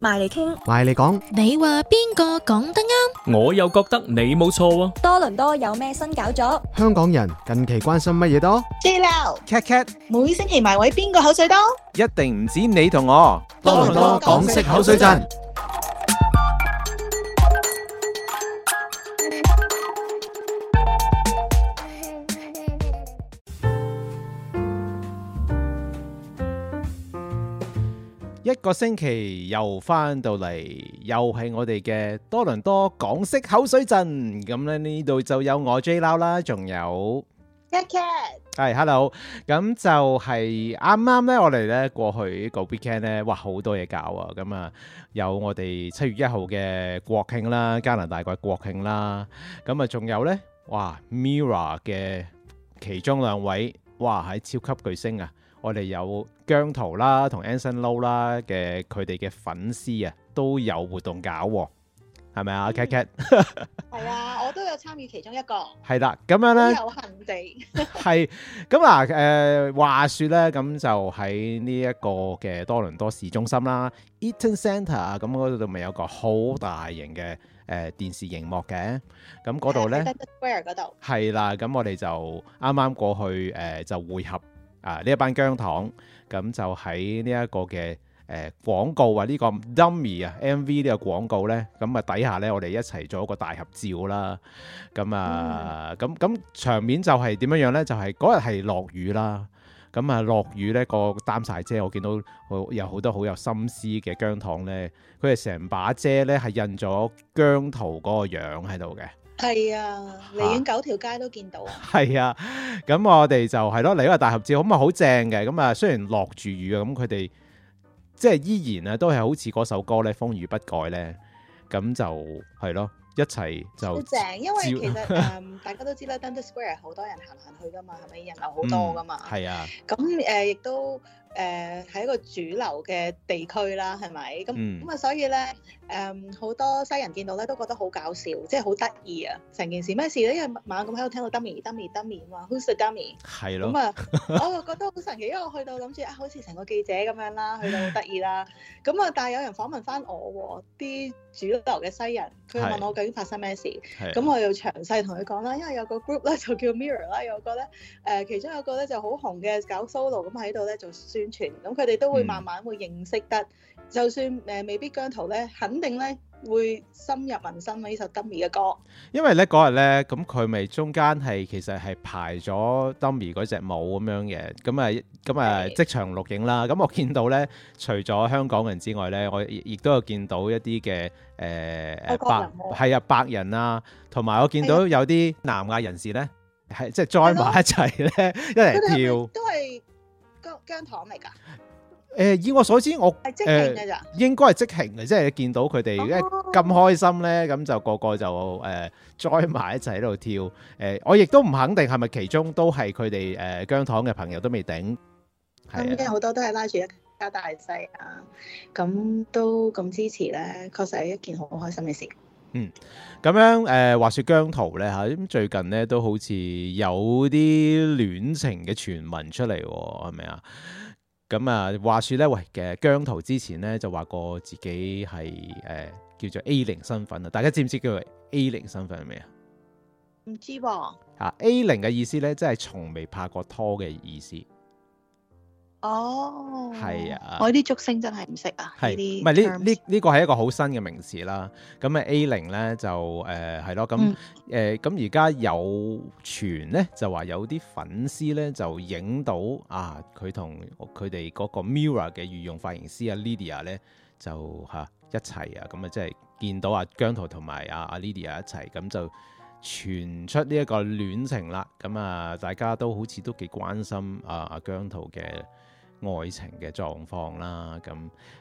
埋嚟傾，埋嚟講，你話邊個講得啱？我又覺得你冇錯。多倫多有咩新搞作？香港人近期關心乜嘢多？JLau，Kat Kat，每星期埋位邊個口水多？一定唔止你同我。多倫多港式口水戰。一個星期又翻到嚟，又係我哋嘅多倫多港式口水陣。咁咧呢度，就有我 JLau 啦，仲有 Kat Kat，係 Hello。咁就係啱啱咧，我哋咧過去咧個 Weekend 咧，哇好多嘢搞啊。咁啊，有我哋七月一號嘅國慶啦，加拿大嘅國慶啦。咁啊，仲有咧，哇，Mirror 嘅其中兩位，哇係超級巨星啊！我哋有姜濤啦，同 Anson Lo 啦嘅佢哋嘅粉絲啊，都有活動搞，係咪啊？Kat Kat，係啊，我都有參與其中一個。係啦，咁樣咧，有限地係咁 啊。誒、呃，話說咧，咁就喺呢一個嘅多倫多市中心啦，Eaton C entre 咁嗰度咪有個好大型嘅誒、呃、電視熒幕嘅，咁嗰度咧 Square 嗰度係啦。咁我哋就啱啱過去誒、呃、就匯合。啊！呢一班姜糖咁就喺呢一個嘅誒、呃、廣告啊，呢、這個 dummy 啊 MV 呢個廣告咧，咁、嗯、啊底下咧，我哋一齊做一個大合照啦。咁、嗯嗯、啊，咁咁場面就係點樣樣咧？就係嗰日係落雨啦。咁、嗯、啊落雨咧，個擔晒遮。我見到好有好多好有心思嘅姜糖咧，佢哋成把遮咧係印咗姜濤嗰個樣喺度嘅。係啊，離遠九條街都見到啊！係啊，咁、啊、我哋就係咯嚟一個大合照，咁咪好正嘅。咁啊、嗯，雖然落住雨啊，咁佢哋即係依然啊，都係好似嗰首歌咧，風雨不改咧。咁就係咯、啊，一齊就好正，因為其實、 um, 大家都知啦，Dunder Square 好多人行行去噶嘛，係咪人流好多噶嘛？係、嗯、啊，咁誒亦都。誒喺、呃、一個主流嘅地區啦，係咪？咁咁啊，嗯、所以咧誒好多西人見到咧都覺得好搞笑，即係好得意啊！成件事咩事咧？因為猛咁喺度聽到 Dummy、Dummy、Dummy 話 Who's the dummy? 係咯。咁啊、嗯， 我就覺得好神奇，因為我去到諗住啊，好似成個記者咁樣啦，去到好得意啦。咁啊，但係有人訪問翻我喎，啲、哦、主流嘅西人，佢問我究竟發生咩事，咁我要詳細同佢講啦。因為有個 group 咧就叫 Mirror 啦，有個咧誒其中有一個咧、呃、就好紅嘅搞 solo 咁喺度咧就……宣傳咁佢哋都會慢慢會認識得，就算誒未必姜濤咧，肯定咧會深入民心咯。呢首 Dummy 嘅歌，因為咧嗰日咧，咁佢咪中間係其實係排咗 Dummy 嗰隻舞咁樣嘅，咁啊咁啊即場錄影啦。咁我見到咧，除咗香港人之外咧，我亦亦都有見到一啲嘅誒白係啊白人啊，同埋我見到有啲南亞人士咧，係即係 join 埋一齊咧，一齊跳都係。姜糖嚟㗎？誒，以我所知，我係即興㗎咋？誒應該係即興嘅，即係見到佢哋咧咁開心咧，咁就個個就誒 join 埋一齊喺度跳。誒，我亦都唔肯定係咪其中都係佢哋誒姜糖嘅朋友都未頂。咁嘅好多都係拉住一家大細啊，咁都咁支持咧，確實係一件好開心嘅事。嗯，咁樣誒、呃，話說姜濤咧吓，咁最近咧都好似有啲戀情嘅傳聞出嚟，哦，係咪啊？咁、嗯、啊，話說咧，喂，嘅姜濤之前咧就話過自己係誒、呃、叫做 A 零身份啊，大家知唔知叫 A 零身份係咪啊？唔知噃。啊，A 零嘅意思咧，即係從未拍過拖嘅意思。哦，係、oh, randomly 啊！我啲竹聲真係唔識啊！係咪呢？呢呢個係一個好新嘅名詞啦。咁啊，A0 咧就誒係、呃、咯。咁誒咁而家有傳咧，就話、是、有啲粉絲咧就影到、啊、到啊，佢同佢哋嗰個 MIRROR 嘅御用髮型師阿 Lydia 咧就嚇一齊啊。咁啊，即係見到阿姜濤同埋阿阿 Lydia 一齊，咁就傳出呢一個戀情啦。咁啊，大家都好似都幾關心啊，阿、啊、姜濤嘅。愛情嘅狀況啦，咁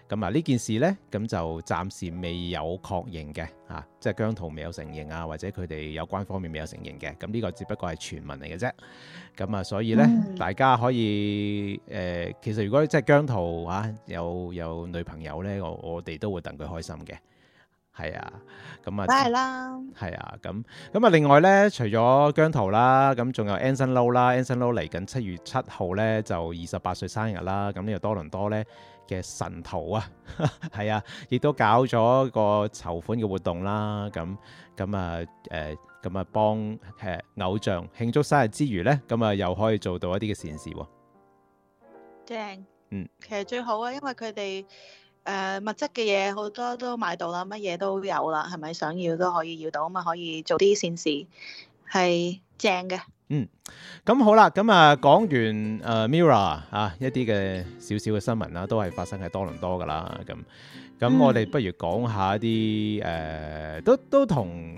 咁啊呢件事呢，咁就暫時未有確認嘅，嚇、啊，即係姜濤未有承認啊，或者佢哋有關方面未有承認嘅，咁、啊、呢、這個只不過係傳聞嚟嘅啫。咁啊，所以呢，嗯、大家可以誒、呃，其實如果即係姜濤嚇、啊、有有女朋友呢，我我哋都會戥佢開心嘅。係啊，咁啊，梗係啦，係啊，咁咁啊，另外咧，除咗姜濤啦，咁仲有 a n s o n l o w 啦 a n s o n l o w 嚟緊七月七號咧就二十八歲生日啦，咁呢個多倫多咧嘅神徒啊，係 啊，亦都搞咗個籌款嘅活動啦，咁咁啊，誒，咁啊幫誒偶像慶祝生日之餘咧，咁啊又可以做到一啲嘅善事，正，嗯，其實最好啊，因為佢哋。嗯嗯嗯嗯嗯嗯誒物質嘅嘢好多都買到啦，乜嘢都有啦，係咪想要都可以要到啊嘛，可以做啲善事係正嘅。嗯，咁好啦，咁啊講完誒 Mirror 啊一啲嘅少少嘅新聞啦，都係發生喺多倫多噶啦，咁咁我哋不如講下一啲誒都都同。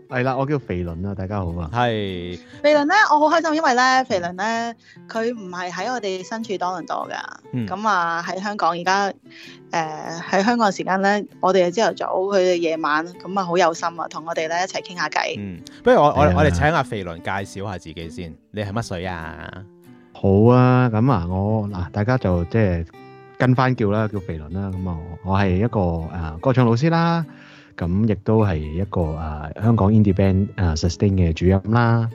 係啦，我叫肥倫啊，大家好啊。係是。肥倫咧，我好開心，因為咧肥倫咧，佢唔係喺我哋身處多倫多噶。咁、嗯、啊，喺香港而家，誒、呃、喺香港時間咧，我哋嘅朝頭早佢嘅夜晚，咁啊好有心啊，同我哋咧一齊傾下偈。嗯。不如我我我哋請阿肥倫介紹下自己先，你係乜水啊？好啊，咁啊，我嗱大家就即係跟翻叫啦，叫肥倫啦。咁啊，我係一個誒歌唱老師啦。咁亦都係一個啊香港 indie band 啊 sustain 嘅主音啦，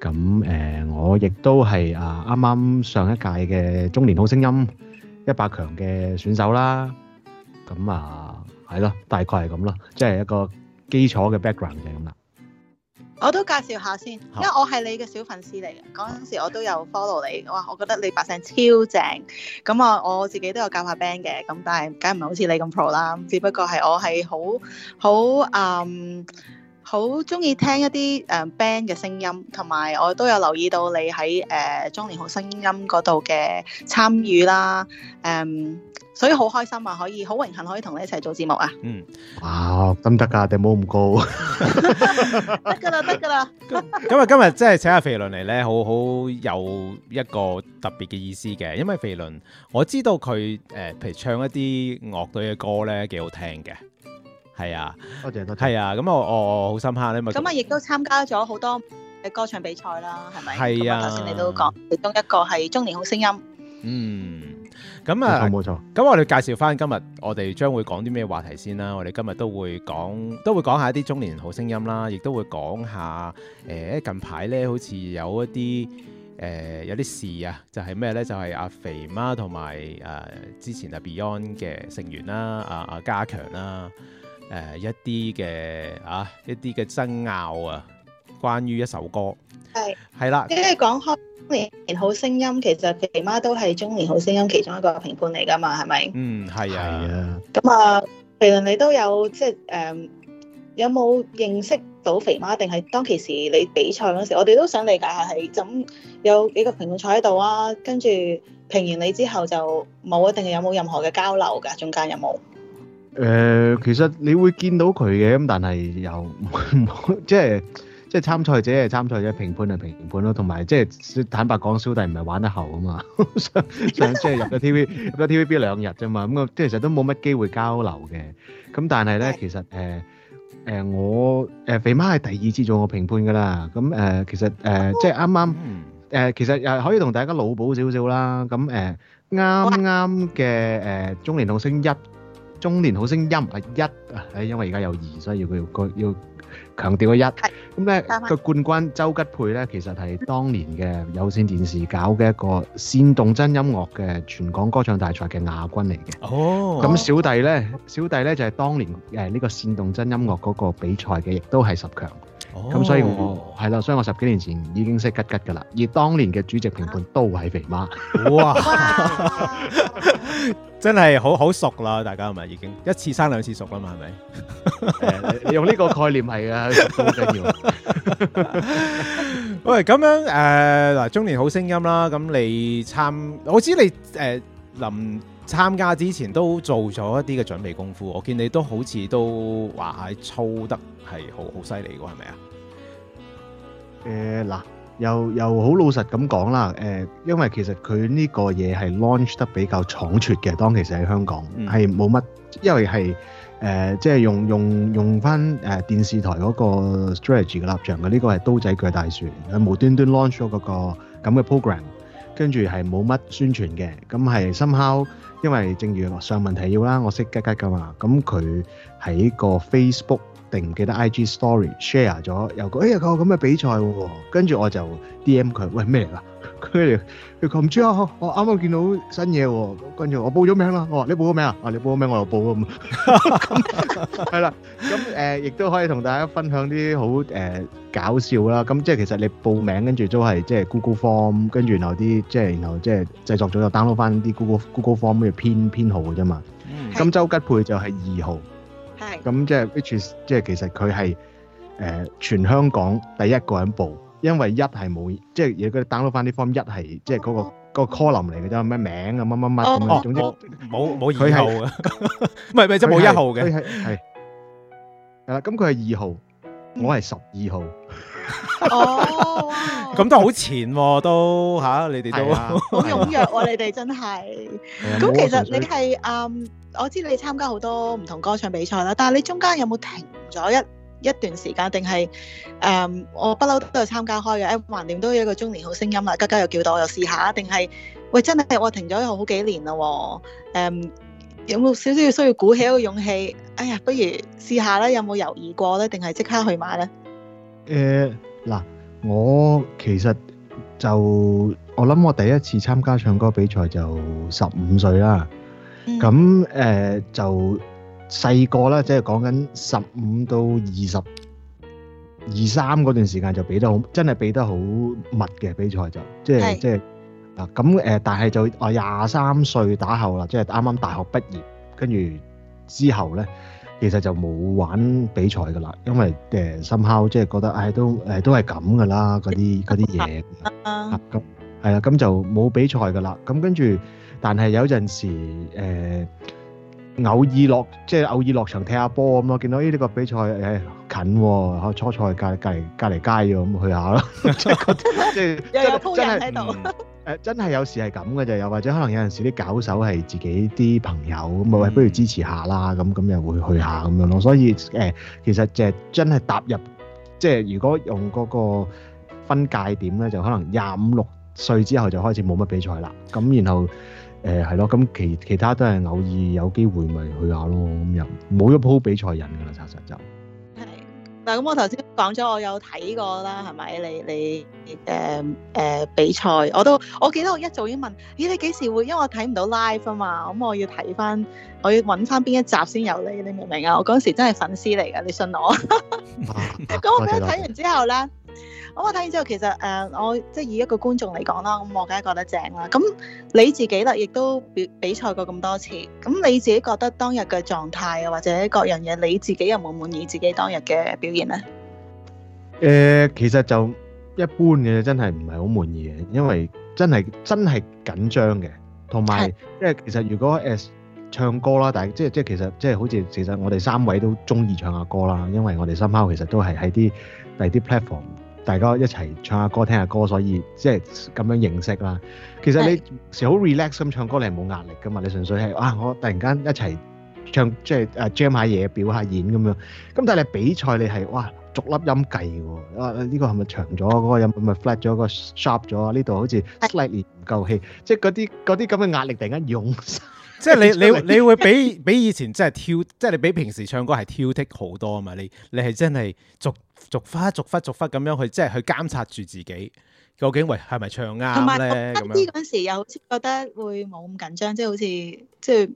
咁誒我亦都係啊啱啱上一屆嘅中年好聲音一百強嘅選手啦，咁啊係咯，大概係咁咯，即係一個基礎嘅 background 就係咁啦。我都介紹下先，因為我係你嘅小粉絲嚟嘅，嗰陣時我都有 follow 你，哇！我覺得你把聲超正，咁、嗯、啊我，我自己都有教下 band 嘅，咁、嗯、但係梗係唔係好似你咁 pro 啦，只不過係我係好好嗯。好中意聽一啲誒、呃、band 嘅聲音，同埋我都有留意到你喺誒中年好聲音嗰度嘅參與啦，誒、呃，所以好開心啊，可以好榮幸可以同你一齊做節目啊。嗯，哇，得唔得噶？你冇咁高？得噶啦，得噶啦。咁 啊，今日即係請阿、啊、肥麟嚟咧，好好有一個特別嘅意思嘅，因為肥麟我知道佢誒、呃，譬如唱一啲樂隊嘅歌咧，幾好聽嘅。係啊，我哋係啊，咁我我好深刻咧。咁啊、這個，亦都參加咗好多嘅歌唱比賽啦，係咪？係啊，頭先你都講其中一個係中年好聲音。嗯，咁啊冇錯。咁我哋介紹返今日我哋將會講啲咩話題先啦。我哋今日都會講，都會講一下一啲中年好聲音啦，亦都會講下誒、欸，近排咧好似有一啲誒、欸、有啲事啊，就係咩咧？就係、是、阿肥媽同埋誒之前阿 Beyond 嘅成員啦，阿、啊、阿、啊、家強啦、啊。啊誒、呃、一啲嘅啊，一啲嘅爭拗啊，關於一首歌係係啦，即係講《中了年好聲音》，其實肥媽都係《中年好聲音》其中一個評判嚟噶嘛，係咪？嗯，係啊，啊。咁啊，肥麟你都有即係誒、呃，有冇認識到肥媽？定係當其時你比賽嗰時，我哋都想理解下係噉有幾個評判坐喺度啊，跟住評完你之後就冇一定係有冇任何嘅交流㗎？中間有冇？誒，其實你會見到佢嘅咁，但係又即係即係參賽者係參賽者，評判係評判咯。同埋即係坦白講，小弟唔係玩得厚啊嘛。想想即係入咗 TV，入咗 TVB 兩日啫嘛。咁我即係其實都冇乜機會交流嘅。咁但係咧，其實誒誒我誒肥媽係第二次做我評判㗎啦。咁誒其實誒即係啱啱誒其實又可以同大家腦補少少啦。咁誒啱啱嘅誒中年好聲音一。中年好聲音啊一啊、哎，因為而家有二，所以要要強調個一。咁呢的、嗯、個冠軍周吉佩呢，其實係當年嘅有線電視搞嘅一個《煽動真音樂》嘅全港歌唱大賽嘅亞軍嚟嘅。哦，咁小、哦、小弟呢，小弟呢，就係、是、當年誒呢個《煽動真音樂》嗰個比賽嘅，亦都係十強。咁所以我，我係啦，所以我十幾年前已經識吉吉噶啦，而當年嘅主席評判都係肥媽。哇！ 真係好好熟啦，大家係咪已經一次生兩次熟啊嘛？係咪？ uh, 你用呢個概念係啊，好緊要。喂，咁樣誒嗱，中年好聲音啦，咁你參，我知你誒、uh, 林。參加之前都做咗一啲嘅準備功夫，我見你都好似都話操得係好好犀利喎，係咪啊？誒嗱、呃，又又好老實咁講啦。誒、呃，因為其實佢呢個嘢係 launch 得比較倉促嘅。當其時喺香港係冇乜，因為係誒、呃，即係用用用翻誒電視台嗰個 strategy 嘅立場嘅。呢、這個係刀仔鋸大樹，佢無端端 launch 咗嗰、那個咁嘅、這個、program，跟住係冇乜宣傳嘅，咁係 somehow 因為正如上問題要啦，我識吉吉㗎嘛，咁佢喺個 Facebook 定唔記得 IG Story share 咗、欸、有個，哎呀個咁嘅比賽喎、啊，跟住我就 DM 佢，喂咩嚟㗎？跟住佢講唔知啊，我啱啱見到新嘢喎。跟住我報咗名啦。我話你報個名啊，啊你報個名我又報啊。咁係啦，咁誒亦都可以同大家分享啲好誒搞笑啦。咁即係其實你報名跟住都係即係 Google Form，跟住然後啲即係然後即係製作組就 download 翻啲 Google Google Form 嘅編編號嘅啫嘛。咁周吉佩就係二號，咁即係 which is 即係其實佢係誒全香港第一個人報，因為一係冇，即係而家 download 翻啲 form，一係即係嗰個嗰個 column 嚟嘅啫，咩名啊乜乜乜咁樣，總之冇冇二號啊，唔係唔係即係冇一號嘅，係係係啦，咁佢係二號，我係十二號，哦，咁都好前喎，都嚇你哋都好踴躍喎，你哋真係，咁其實你係嗯，我知你參加好多唔同歌唱比賽啦，但係你中間有冇停咗一一段時間定係誒，我不嬲都有參加開嘅，橫掂都有一個中年好聲音啦，家家又叫到，我又試下。定係喂，真係我停咗好幾年嘞喎，誒有冇少少需要鼓起一個勇氣？哎呀，不如試下啦，有冇猶豫過咧？定係即刻去馬咧？誒，嗱，我其實就我諗我第一次參加唱歌比賽就十五歲啦，咁誒就。細個啦，即係講緊十五到二十二三嗰段時間就比得好，真係比得好密嘅比賽就，即係是即係啊，咁誒，但係就啊廿三歲打後啦，即係啱啱大學畢業，跟住之後咧，其實就冇玩比賽噶啦，因為誒 somehow 即係覺得，唉、哎、都誒都係咁噶啦，嗰啲嗰啲嘢啊，咁係啦，咁、啊啊嗯嗯、就冇比賽噶啦，咁跟住，但係有陣時誒。呃偶爾落即係偶爾落場踢下波咁咯，見到，咦呢個比賽誒、欸、近喎，嚇初賽隔隔隔離街咁去下咯，即係即係真係誒真係、嗯呃、有時係咁嘅就，又或者可能有陣時啲搞手係自己啲朋友咁，咪、嗯、不如支持下啦咁，咁又會去下咁樣咯。所以誒、欸，其實就係真係踏入即係、就係、如果用嗰個分界點咧，就可能廿五六歲之後就開始冇乜比賽啦。咁然後。誒係咯，咁、嗯、其其他都係偶爾有機會咪去下咯，咁又冇一鋪比賽人㗎啦，查實就係、是。嗱咁我頭先講咗，我有睇過啦，係咪？你你誒誒、呃呃、比賽我都，我記得我一早已經問，咦你幾時會？因為我睇唔到 live 啊嘛，咁我要睇翻，我要揾翻邊一集先有咧，你明唔明啊？我嗰陣時真係粉絲嚟㗎，你信我？咁、 嗯嗯嗯、我咧睇完之後咧。嗯嗯嗯嗯。我睇完之後，其實誒，我即係以一個觀眾嚟講啦，咁我梗係覺得正啦。咁你自己啦，亦都比比賽過咁多次，咁你自己覺得當日嘅狀態啊，或者各樣嘢，你自己有冇滿意自己當日嘅表現咧？誒，其實就一般嘅，真係唔係好滿意嘅，因為真係真係緊張嘅，同埋即係其實如果誒唱歌啦，但係即係即係其實即係好似其實我哋三位都中意唱下歌啦，因為我哋三個其實都係喺啲第啲 platform。大家一齊唱下歌、聽下歌，所以即係咁樣認識啦。其實你成日好 relax 咁唱歌，你係冇壓力噶嘛。你純粹係啊，我突然間一齊唱，即係啊 jam 下嘢、表下演咁樣。咁但係你比賽，你係哇逐粒音計喎。啊呢個係咪長咗嗰個音？咪 flat 咗嗰個 sharp 咗啊？呢度好似 slightly 唔夠氣。即係嗰啲嗰啲咁嘅壓力突然間湧。即係你你你會比比以前即係挑，即係你比平時唱歌係挑剔好多啊嘛。你你係真係逐。逐忽逐忽逐忽咁樣去，即係去監察住自己究竟喂係咪唱啱咧？同埋嗰陣時又好似覺得會冇咁緊張，即係好似即係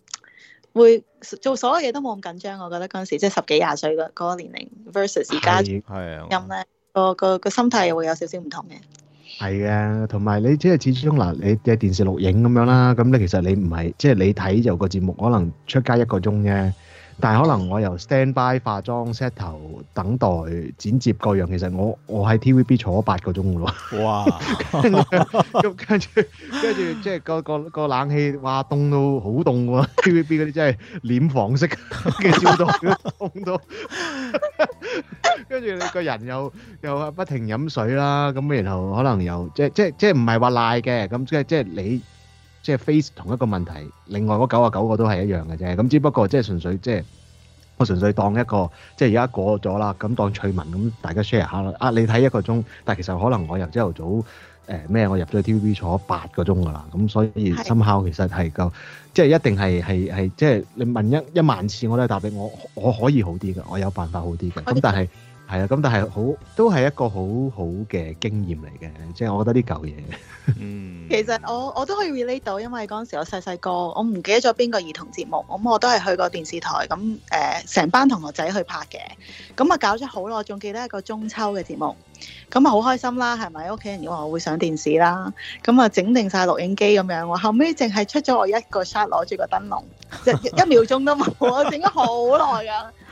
會做所有嘢都冇咁緊張。我覺得嗰陣時即係十幾廿歲嗰嗰個年齡，versus 而家咁咧個個個心態會有少少唔同嘅。係嘅，同埋你即係始終嗱，你嘅電視錄影咁樣啦，咁咧其實你唔係即係你睇就個節目，可能出街一個鐘啫。但係可能我由 stand by，化妝 set 頭，等待剪接各樣，其實我我喺 TVB 坐咗八個鐘嘅咯。哇！咁跟住跟住即係個個個冷氣哇凍到好凍喎！TVB 嗰啲真係臉黃色，跟住燒到凍到，跟住你個人又又不停飲水啦，咁然後可能又即即即唔係話賴嘅，咁即即你。即係 face 同一個問題，另外嗰九啊九個都係一樣嘅啫，咁只不過即係純粹即係我純粹當一個即係而家過咗啦，咁當趣聞咁大家 share 下啦。啊，你睇一個鐘，但係其實可能我由朝頭早誒咩、呃，我入咗 TVB 坐八個鐘噶啦，咁所以心考是其實係夠，即係一定係係係即係你問一一萬次我都係答你，我我可以好啲嘅，我有辦法好啲嘅，咁以但係。係啊，咁但係好都係一個好好嘅經驗嚟嘅，即係、嗯、我覺得啲舊嘢。嗯，其實我我都可以 relate 到，因為嗰陣時我細細個，我唔記得咗邊個兒童節目，咁我都係去過電視台，咁誒成班同學仔去拍嘅，咁啊搞咗好耐，仲記得一個中秋嘅節目，咁啊好開心啦，係咪？屋企人話我會上電視啦，咁啊整定晒錄影機咁樣，後尾淨係出咗我一個 shot 攞住個燈籠，一一秒鐘都冇，我整咗好耐㗎。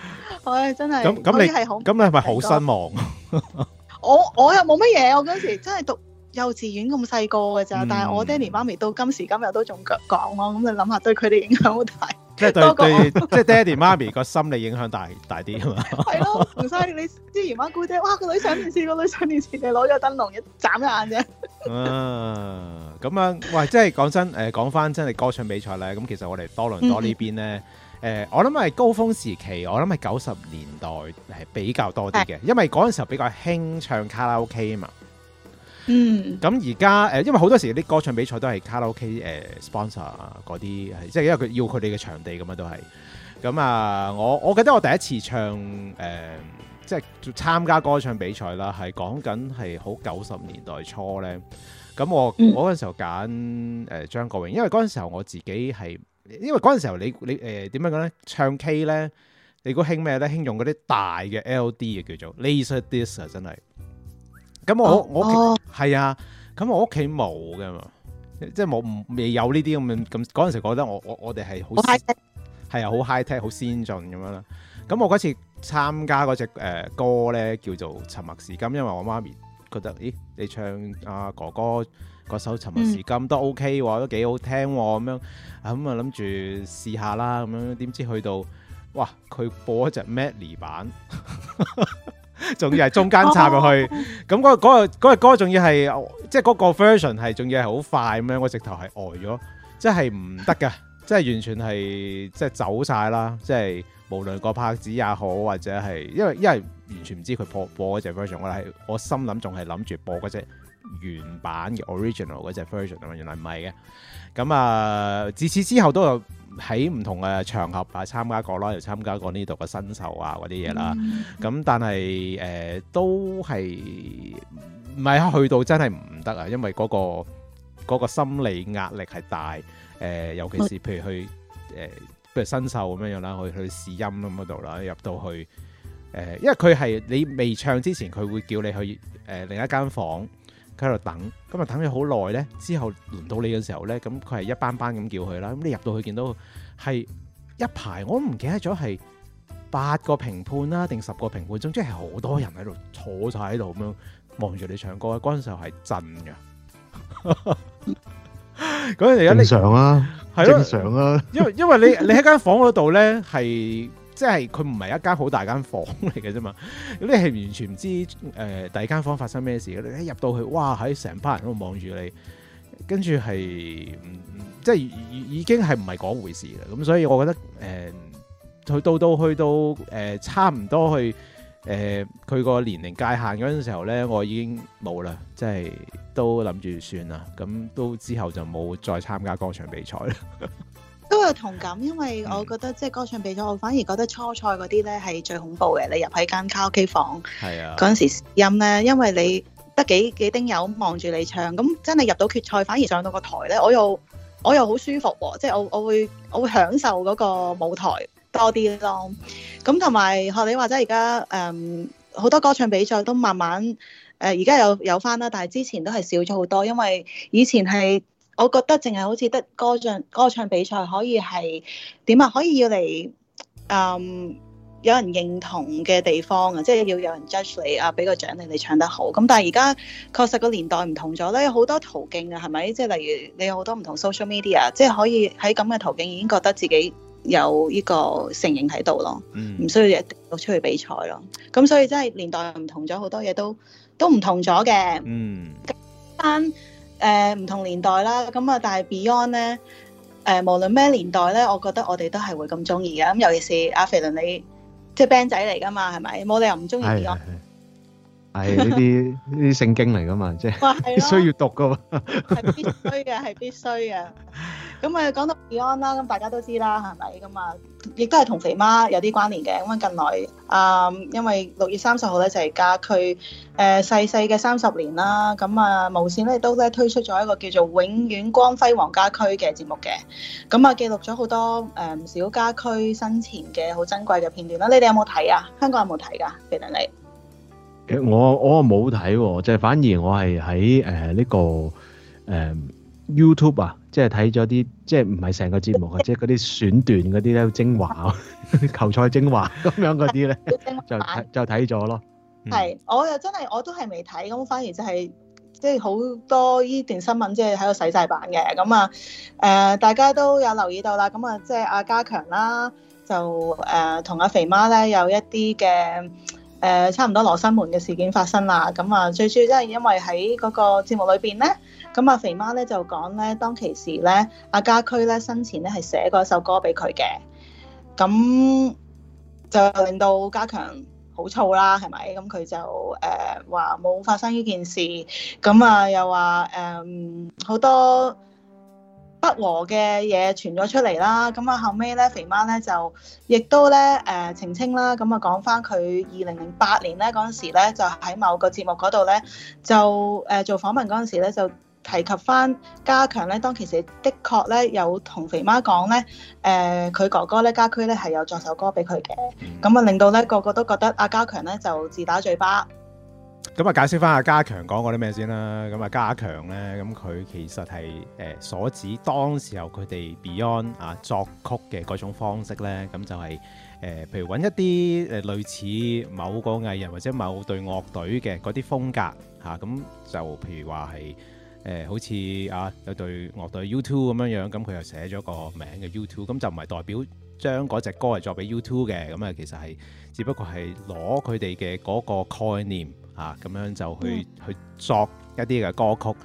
唉，我真係咁咁你係好咁你係咪好失望？我我又冇乜嘢，我嗰時真係讀幼稚園咁細個噶咋，嗯、但係我爹哋媽咪到今時今日都仲講講咯。咁你諗下，對佢哋影響好大，即係對多即係爹哋媽咪個心理影響大大啲啊嘛。係咯 唔使你啲姨媽姑姐，哇，個女上電視，個女上電視，你攞咗個燈籠一眨眼啫。嗯，咁樣，喂，即係講真，誒，講翻真係歌唱比賽咧，咁其實我哋多倫多邊呢邊咧。嗯誒、呃，我諗係高峰時期，我諗係九十年代係比較多啲嘅，的因為嗰陣時候比較興唱卡拉 OK 啊嘛。嗯。咁而家誒，因為好多時啲歌唱比賽都係卡拉 OK 誒 sponsor 啊嗰啲，即係因為佢要佢哋嘅場地咁樣都係。咁啊，我我記得我第一次唱誒、呃，即係參加歌唱比賽啦，係講緊係好九十年代初咧。咁我我嗰、嗯、時候揀誒張國榮，因為嗰陣時候我自己係。因為嗰陣時候你你誒點、呃、樣講咧？唱 K 咧，你估興咩咧？興用嗰啲大嘅 LD disc，啊，叫做 laser disc 真係。咁我我係啊，咁我屋企冇噶嘛，即係冇未有呢啲咁樣咁，嗰陣時覺得我我我哋係好，係、oh，啊，好 high tech，好先進咁樣啦。咁我嗰次參加嗰隻誒歌咧，叫做《沉默是金》，因為我媽咪覺得，咦你唱啊哥，哥哥。個首《沉默時間》都 OK 喎，都幾好聽喎，咁樣咁啊諗住試下啦，咁樣點知去到哇，佢播一隻 Medley 版，仲 要係中間插入去，咁嗰嗰嗰日歌，仲要係即係嗰個 version 係，仲要係好快咁樣，我直頭係呆咗，即係唔得㗎，即係完全係即係走晒啦，即係無論個拍子也好，或者係因為因為完全唔知佢播播嗰隻 version，我係我心諗仲係諗住播嗰隻。原版嘅 original 嗰隻 version 咁樣，原來唔係嘅。咁、嗯、啊，自此之後都有喺唔同嘅場合啊參加過啦，又參加過呢度嘅新秀啊嗰啲嘢啦。咁、嗯嗯、但係誒、呃、都係唔係去到真係唔得啊？因為嗰個嗰個心理壓力係大誒、呃，尤其是譬如去誒、呃、譬如新秀咁樣樣啦，去去試音咁嗰度啦，入到去誒、呃，因為佢係你未唱之前，佢會叫你去誒、呃、另一間房。佢喺度等，咁啊等咗好耐咧，之後輪到你嘅時候咧，咁佢係一班班咁叫佢啦。咁你入到去見到係一排，我都唔記得咗係八個評判啦，定十個評判，總之係好多人喺度坐晒喺度咁樣望住你唱歌。嗰陣時候係震嘅，咁而家正常啊，係咯 對，正常啊。 因為 因為你你喺間房嗰度咧係。即係佢唔係一間好大間房嚟嘅啫嘛，咁你係完全唔知誒、呃、第二間房間發生咩事，你一入到去，哇！喺成班人都望住你，跟住係即係已經係唔係嗰回事啦。咁所以我覺得誒，佢、呃、到到去到誒、呃、差唔多去誒佢個年齡界限嗰陣時候咧，我已經冇啦，即係都諗住算啦，咁都之後就冇再參加歌唱比賽啦。 都有同感，因為我覺得即係歌唱比賽，嗯、我反而覺得初賽嗰啲咧係最恐怖嘅。你入喺間卡拉 OK 房，係是啊，嗰陣時音呢，因為你得幾幾丁友望住你唱，咁真係入到決賽，反而上到個台呢，我又我又好舒服喎。即係我我會我會享受嗰個舞台多啲咯。咁同埋學你話齋而家誒好多歌唱比賽都慢慢誒而家有有返啦，但係之前都係少咗好多，因為以前係。我覺得淨係好似得歌唱歌唱比賽可以係點啊？可以要嚟誒、呃、有人認同嘅地方啊，即係要有人 judge 你啊，俾個獎你你唱得好。咁但係而家確實個年代唔同咗咧，有好多途徑啊，係咪？即係例如你有好多唔同 social media，即係可以喺咁嘅途徑已經覺得自己有呢個承認喺度咯，唔需要一定要出去比賽咯。咁所以真係年代唔同咗，好多嘢都都唔同咗嘅。嗯，但。誒唔、呃、同年代啦，咁、嗯、啊，但係 Beyond 咧，誒、呃、無論咩年代咧，我覺得我哋都係會咁中意嘅。咁尤其是阿肥麟，你即係 band 仔嚟噶嘛，係咪？冇理由唔中意 Beyond，係呢啲呢啲聖經嚟噶嘛，即係 必須要讀噶嘛，係 必須嘅，係必須嘅。咁啊，講到 Beyond 啦，咁大家都知啦，係咪？咁啊，亦都係同肥媽有啲關聯嘅。咁近來啊，因為六月三十號咧就係家駒誒逝世嘅三十年啦。咁啊，無線咧都咧推出咗一個叫做《永遠光輝黃家駒》嘅節目嘅。咁啊，記錄咗好多誒唔少家駒生前嘅好珍貴嘅片段啦。你哋有冇睇啊？香港有冇睇㗎？肥麟你？我我冇睇喎，即係反而我係喺誒呢個誒 YouTube 啊。即係睇咗啲，即係唔係成個節目嘅， 即係嗰啲選段嗰啲咧，精華 球賽精華咁樣嗰啲咧，就就睇咗咯。係 嗯，我又真係我都係未睇，咁反而就係即係好多依段新聞，即係喺度洗晒版嘅咁啊！誒、呃，大家都有留意到啦，咁啊、呃，即係阿家強啦，就誒同、呃、阿肥媽咧有一啲嘅。誒差唔多羅生門嘅事件發生啦，咁啊最主要即係因為喺嗰個節目裏邊咧，咁啊肥媽咧就講咧當其時咧，阿家驅咧生前咧係寫過一首歌俾佢嘅，咁就令到家強好燥啦，係咪？咁佢就誒話冇發生呢件事，咁啊又話誒好多。不和嘅嘢傳咗出嚟啦，咁啊後尾咧肥媽咧就亦都咧誒澄清啦，咁啊講翻佢二零零八年咧嗰陣時咧就喺某個節目嗰度咧就誒做訪問嗰陣時咧就提及翻家強咧，當其時的確咧有同肥媽講咧誒佢哥哥咧家駒咧係有作首歌俾佢嘅，咁啊令到咧個個都覺得阿家強咧就自打嘴巴。咁啊，就解釋翻阿加強講過啲咩先啦。咁啊，加強咧，咁佢其實係誒所指當時候佢哋 Beyond 啊作曲嘅嗰種方式咧，咁就係、是、誒、呃，譬如揾一啲誒類似某個藝人或者某隊樂隊嘅嗰啲風格嚇，咁、啊、就譬如話係誒，好似啊有隊樂隊 U2 咁樣樣，咁佢又寫咗個名叫 U2 咁就唔係代表將嗰隻歌嚟作俾 U2 嘅，咁啊，其實係只不過係攞佢哋嘅嗰個概念。嚇，咁、啊、樣就去、嗯、去作一啲嘅歌曲，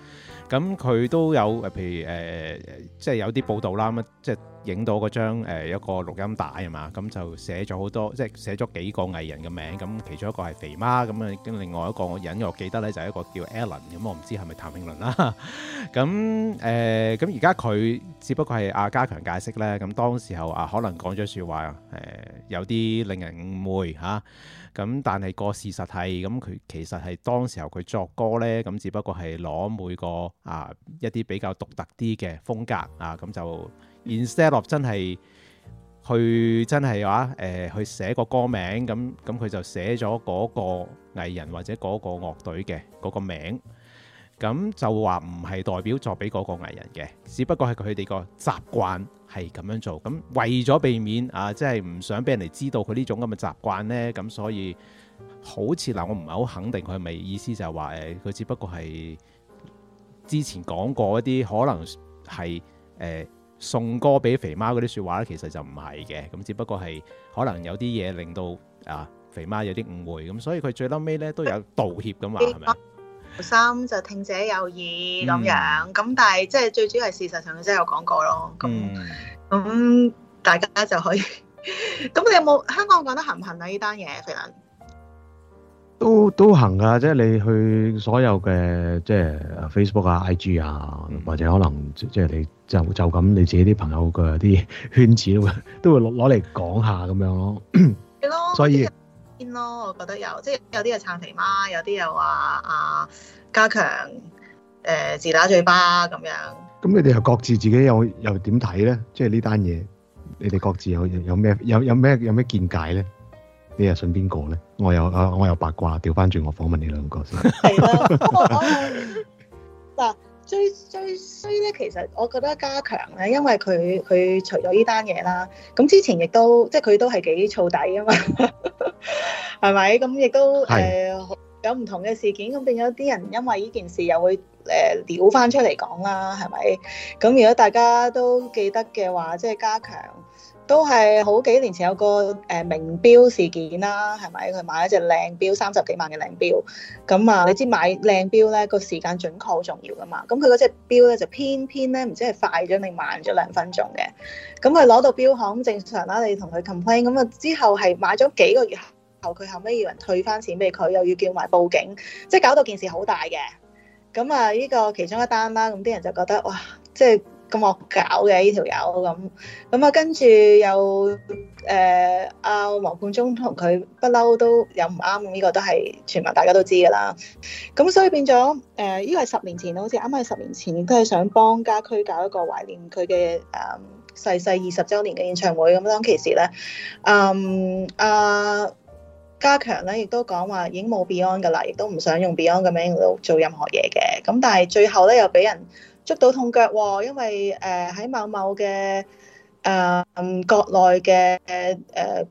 咁佢都有誒，譬如誒、呃，即係有啲報道啦，咁即係。影到嗰張一個錄音帶啊嘛，咁就寫咗好多，即係寫咗幾個藝人嘅名，咁其中一個係肥媽，咁啊跟另外一個我隱約記得咧，就一個叫 Alan，咁我唔知係咪譚詠麟啦。咁誒咁而家佢只不過係阿家強解釋咧，咁當時候啊可能講咗説話誒，有啲令人誤會嚇。咁、啊、但係個事實係，咁佢其實係當時候佢作歌咧，咁只不過係攞每個啊一啲比較獨特啲嘅風格啊，咁就。Instead of 真係去真係話誒去寫個歌名咁咁，佢就寫咗嗰個藝人或者嗰個樂隊嘅嗰個名，咁就話唔係代表作俾嗰個藝人嘅，只不過係佢哋個習慣係咁樣做。咁為咗避免啊，即係唔想俾人哋知道佢呢種咁嘅習慣呢。咁所以好似嗱、呃，我唔係好肯定佢係咪意思就係話誒，佢、呃、只不過係之前講過一啲可能係誒。呃送歌俾肥媽嗰啲說話咧，其實就唔係嘅，咁只不過係可能有啲嘢令到啊肥媽有啲誤會，咁所以佢最撈尾咧都有道歉㗎嘛，係咪啊？心就聽者有意咁樣，咁、嗯、但係即係最主要係事實上佢真係有講過咯，咁咁、嗯嗯、大家就可以，咁 你有冇香港講得行唔行啊？呢單嘢，肥麟。都都行噶，即係你去所有嘅即係 Facebook 啊、IG 啊，或者可能即係你就就咁你自己啲朋友嘅啲圈子都會都會攞攞嚟講下咁樣咯，係咯，所以邊咯？我覺得有即係有啲係撐肥媽，有啲又話啊家強誒自打嘴巴咁樣。咁你哋又各自自己又又點睇咧？即係呢單嘢，你哋各自有有咩有有咩有咩見解咧？你又信邊個咧？我有啊，我又八卦，調翻轉我訪問你兩個先。係啦。嗱，最最衰咧，其實我覺得家強咧，因為佢佢除咗呢單嘢啦，咁之前亦都即係佢都係幾燥底啊嘛，係 咪？咁亦都誒有唔同嘅事件，咁是變咗啲人因為呢件事又會誒撩翻出嚟講啦，係咪？咁如果大家都記得嘅話，即係家強。都係好幾年前有個誒名錶事件啦，係咪？佢買一隻靚錶，三十幾萬嘅靚錶，咁啊，你知買靚錶咧，個時間準確好重要噶嘛？咁佢嗰隻錶咧就偏偏咧唔知係快咗定慢咗兩分鐘嘅，咁佢攞到錶行咁正常啦，你同佢 complain，咁啊之後係買咗幾個月後，佢後尾要人退翻錢俾佢，又要叫埋報警，即係搞到件事好大嘅。咁啊呢個其中一單啦，咁啲人就覺得哇，即係。咁惡搞嘅呢條友咁，咁啊，跟住又誒阿黃貫中同佢不嬲都有唔啱，呢、呢個都係傳聞大家都知嘅啦。咁所以變咗誒呢個係十年前，好似啱啱係十年前，亦都係想幫家駒搞一個懷念佢嘅誒逝世二十週年嘅演唱會。咁當其時咧，嗯、呃、啊，家強咧亦都講話已經冇 Beyond 噶啦，亦都唔想用 Beyond 嘅名做任何嘢嘅。咁但係最後咧又俾人捉到痛腳喎，因為誒喺某某嘅誒國內嘅誒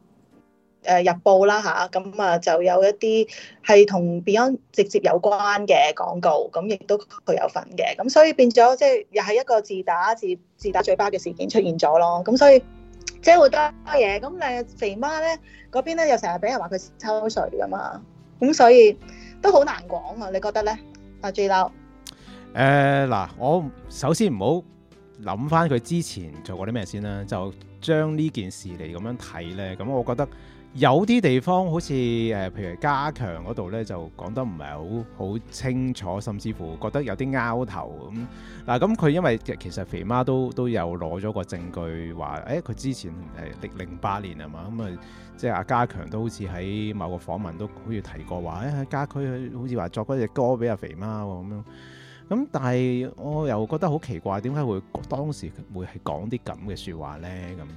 誒日報啦嚇，咁啊就有一啲係同 Beyond 直接有關嘅廣告，咁亦都佢有份嘅，咁所以變咗即係又係一個自打自自打嘴巴嘅事件出現咗咯，咁所以即係好多嘢，咁另外肥媽咧嗰邊咧又成日俾人話佢抽水㗎嘛，咁所以都好難講啊，你覺得咧阿 J Lau？誒嗱、呃，我首先唔好諗翻佢之前做過啲咩先啦，就將呢件事嚟咁樣睇咧，咁我覺得有啲地方好似誒，譬如家強嗰度咧，就講得唔係好好清楚，甚至乎覺得有啲拗頭咁。嗱，咁佢因為其實肥媽都都有攞咗個證據話，誒、欸、佢之前誒零零八年啊嘛，咁啊即係阿家強都好似喺某個訪問都好似提過話，喺、欸、家駒佢好似話作嗰隻歌俾阿肥媽咁樣。咁、嗯、但係我又覺得好奇怪，點解會當時會係講啲咁嘅説話呢？咁、嗯、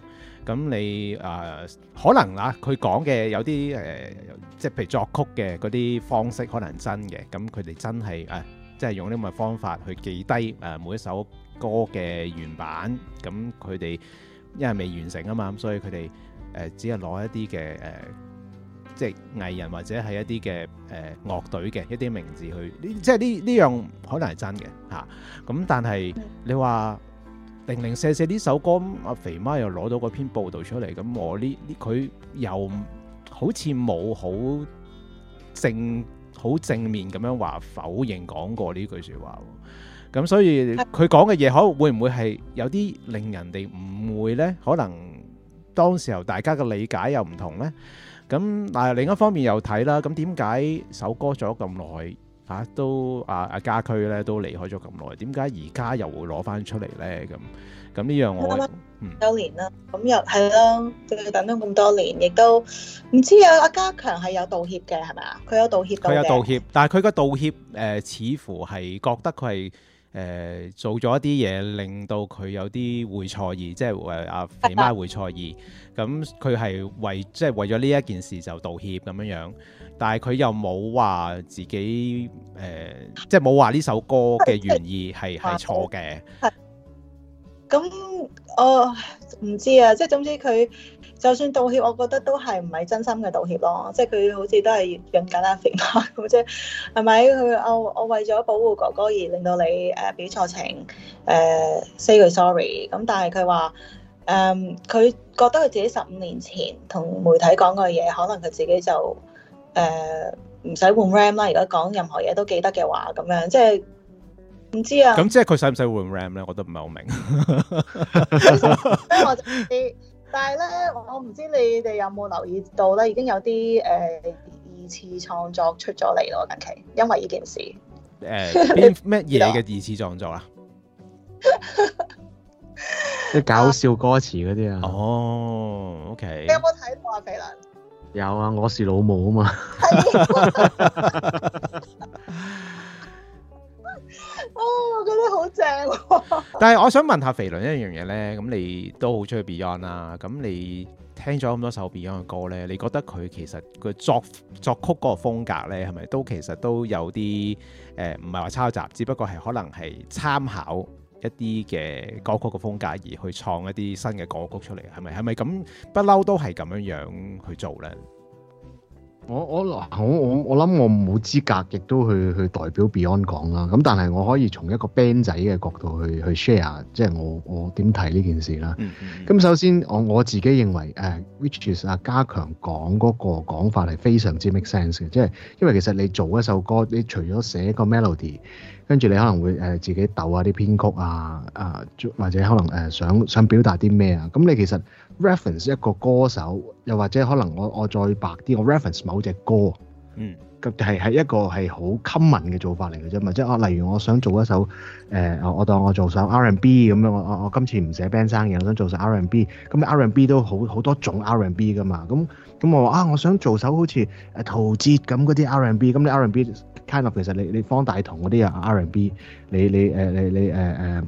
咁、嗯、你誒、呃、可能啦，佢講嘅有啲誒、呃，即係譬如作曲嘅嗰啲方式可能真嘅，咁佢哋真係誒、啊，即係用呢咁嘅方法去記低誒、呃、每一首歌嘅原版。咁佢哋因為未完成啊嘛，咁所以佢哋誒只係攞一啲嘅誒。呃即係藝人或者係一啲嘅誒樂隊嘅一啲名字去，即係呢呢樣可能係真嘅吓。咁但係你話零零四四呢首歌，阿肥媽又攞到嗰篇報道出嚟。咁我呢呢佢又好似冇好正好正面咁樣話否認講過呢句說話。咁所以佢講嘅嘢可會唔會係有啲令人哋誤會咧？可能當時候大家嘅理解又唔同咧。咁但係，另一方面又睇啦。咁點解首歌咗咁耐嚇都阿阿、啊、家駒咧都離開咗咁耐？點解而家又會攞翻出嚟咧？咁咁呢樣我覺得，週年啦，咁又係咯，等咗咁多年，亦都唔知啊。阿家強係有道歉嘅係咪？佢有道歉，佢有道歉，但係佢個道歉誒、呃，似乎係覺得佢係。誒做咗一啲嘢，令到佢有啲會錯意，即係誒阿肥媽會錯意。咁佢係為即係、就是、為咗呢一件事就道歉咁樣樣，但係佢又冇話自己誒，即係冇話呢首歌嘅原意係係錯嘅。係。咁我唔知啊，即係 calories、yep. 哦、總之佢。就算道歉，我覺得都係唔係真心嘅道歉咯。即係佢好似都係忍緊啦肥媽咁啫，係咪佢？我我為咗保護哥哥而令到你誒畀錯情誒、呃、say 句 sorry。咁但係佢話誒，佢覺得佢自己十五年前同媒體講過嘅嘢，可能佢自己就誒唔使換 RAM 啦。如果講任何嘢都記得嘅話，咁樣即係唔知啊。咁即係佢使唔使換 RAM 咧？我覺得唔係好明。所以我但係咧，我唔知你哋有冇留意到咧，已經有啲誒、呃、二次創作出咗嚟咯。近期因為呢件事，誒邊咩嘢嘅二次創作啊？啲 搞笑歌詞嗰啲啊？哦、oh,，OK。你有冇睇過啊？肥麟有啊！我是老母啊嘛。 正但係我想問下肥麟一樣嘢呢，咁你都好中意 Beyond 啦，咁你聽咗咁多首 Beyond 嘅歌呢，你覺得佢其實佢作作曲嗰個風格呢，係咪都其實都有啲誒？唔係話抄襲，只不過係可能係參考一啲嘅歌曲嘅風格而去創一啲新嘅歌曲出嚟，係咪？係咪咁不嬲都係咁樣樣去做呢？我我嗱我我我諗我冇資格，亦都去去代表 Beyond 講啦。咁但係我可以從一個 band 仔嘅角度去去 share，即係我我點睇呢件事啦。咁、mm hmm. 首先我我自己認為，誒、uh，Riches 啊，家強講嗰個講法係非常之 make sense 嘅，即係因為其實你做一首歌，你除咗寫個 melody。跟住你可能會誒自己抖下啲編曲啊，啊，或者可能誒想想表達啲咩啊？咁你其實 reference 一個歌手，又或者可能我我再白啲，我 reference 某隻歌，嗯，咁係係一個係好 common 嘅做法嚟嘅啫。唔係即係啊，例如我想做一首誒、呃，我當我做首 R&B 咁樣，我我今次唔寫 band 生嘅。我想做首 R&B，咁 R&B 都好好多種 R&B 噶嘛，咁咁我啊我想做首好似誒陶喆咁嗰啲 R&B，咁啲 R&B Kind of, 其實你你方大同嗰啲啊 R&B，你你誒你你誒誒、uh, uh,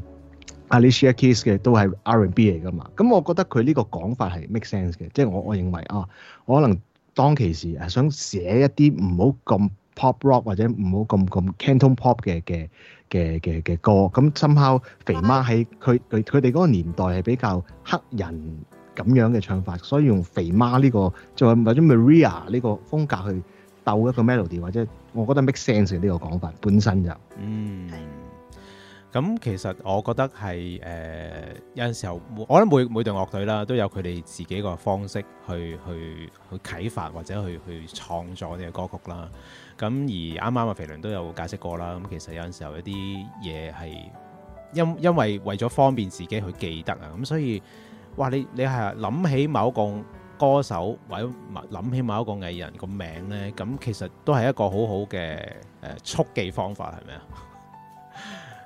Alicia Keys 嘅都係 R&B 嚟噶嘛，咁我覺得佢呢個講法係 make sense 嘅，即、就、係、是、我我認為啊，我可能當其時係想寫一啲唔好咁 pop rock 或者唔好咁咁 Canton pop 嘅嘅嘅嘅嘅歌，咁 somehow 肥媽喺佢佢佢哋嗰個年代係比較黑人咁樣嘅唱法，所以用肥媽呢、這個或者 Maria 呢個風格去。鬥一個 melody，或者我覺得 make sense 呢個講法本身就嗯，咁其實我覺得係誒、呃、有陣時候，我覺得每每隊樂隊啦都有佢哋自己個方式去去去啟發或者去去創作呢啲歌曲啦。咁、嗯、而啱啱啊肥麟都有解釋過啦。咁其實有陣時候一啲嘢係因因為為咗方便自己去記得啊，咁所以哇你你係諗起某個，歌手或者物諗起某一個藝人個名咧，咁其實都係一個好好嘅誒速記方法，係咪啊？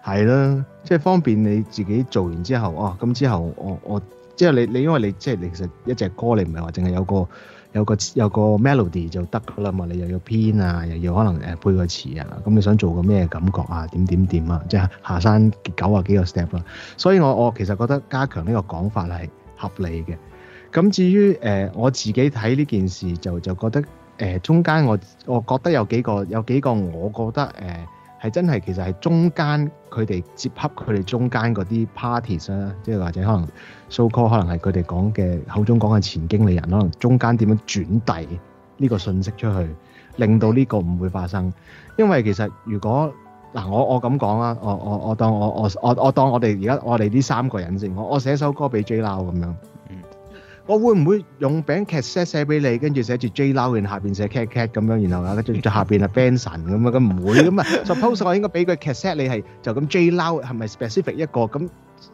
係啦，即係方便你自己做完之後啊，咁之後我我即係你你，因為你即係你其實一隻歌，你唔係話淨係有個有個有個 melody 就得噶啦嘛，你又要編啊，又要可能誒配個詞啊，咁你想做個咩感覺啊？點點點啊，即係下山九啊幾個 step 啦，所以我我其實覺得家強呢個講法係合理嘅。咁至於誒、呃、我自己睇呢件事就就覺得誒、呃、中間我我覺得有幾個有幾個我覺得誒係、呃、真係其實係中間佢哋接洽佢哋中間嗰啲 parties 啦，即係或者可能 so call 可能係佢哋講嘅口中講嘅前經理人，可能中間點樣轉遞呢個信息出去，令到呢個唔會發生。因為其實如果嗱我我咁講啦，我我我，我，我當我我我我當我哋而家我哋呢三個人先，我我寫首歌俾 JLau 咁樣。我會唔會用餅 cassette 寫俾你，跟住寫住 J Lau，然後下邊寫 Kat Kat 咁樣，然後啊，跟住就下邊係 Benson 咁樣咁唔會咁啊。Suppose 我應該俾個 cassette 你係就咁 J Lau 係咪 specific 一個咁，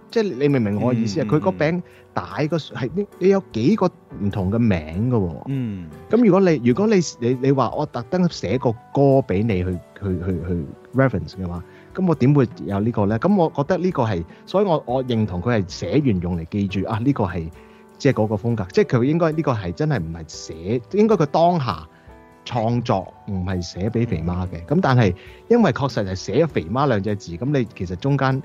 即係你明唔明我嘅意思啊？佢個餅大個係你有幾個唔同嘅名㗎喎。嗯。咁如果你如果你你你話我特登寫個歌俾你去去去去 reference 嘅話，咁我點會有呢個咧？咁我覺得呢個係，所以我我認同佢係寫完用嚟記住啊。呢個係。即係嗰個風格，即係佢應該呢個係真係唔係寫，應該佢當下創作唔係寫俾肥媽嘅。咁但係因為確實係寫肥媽兩隻字，咁你其實中間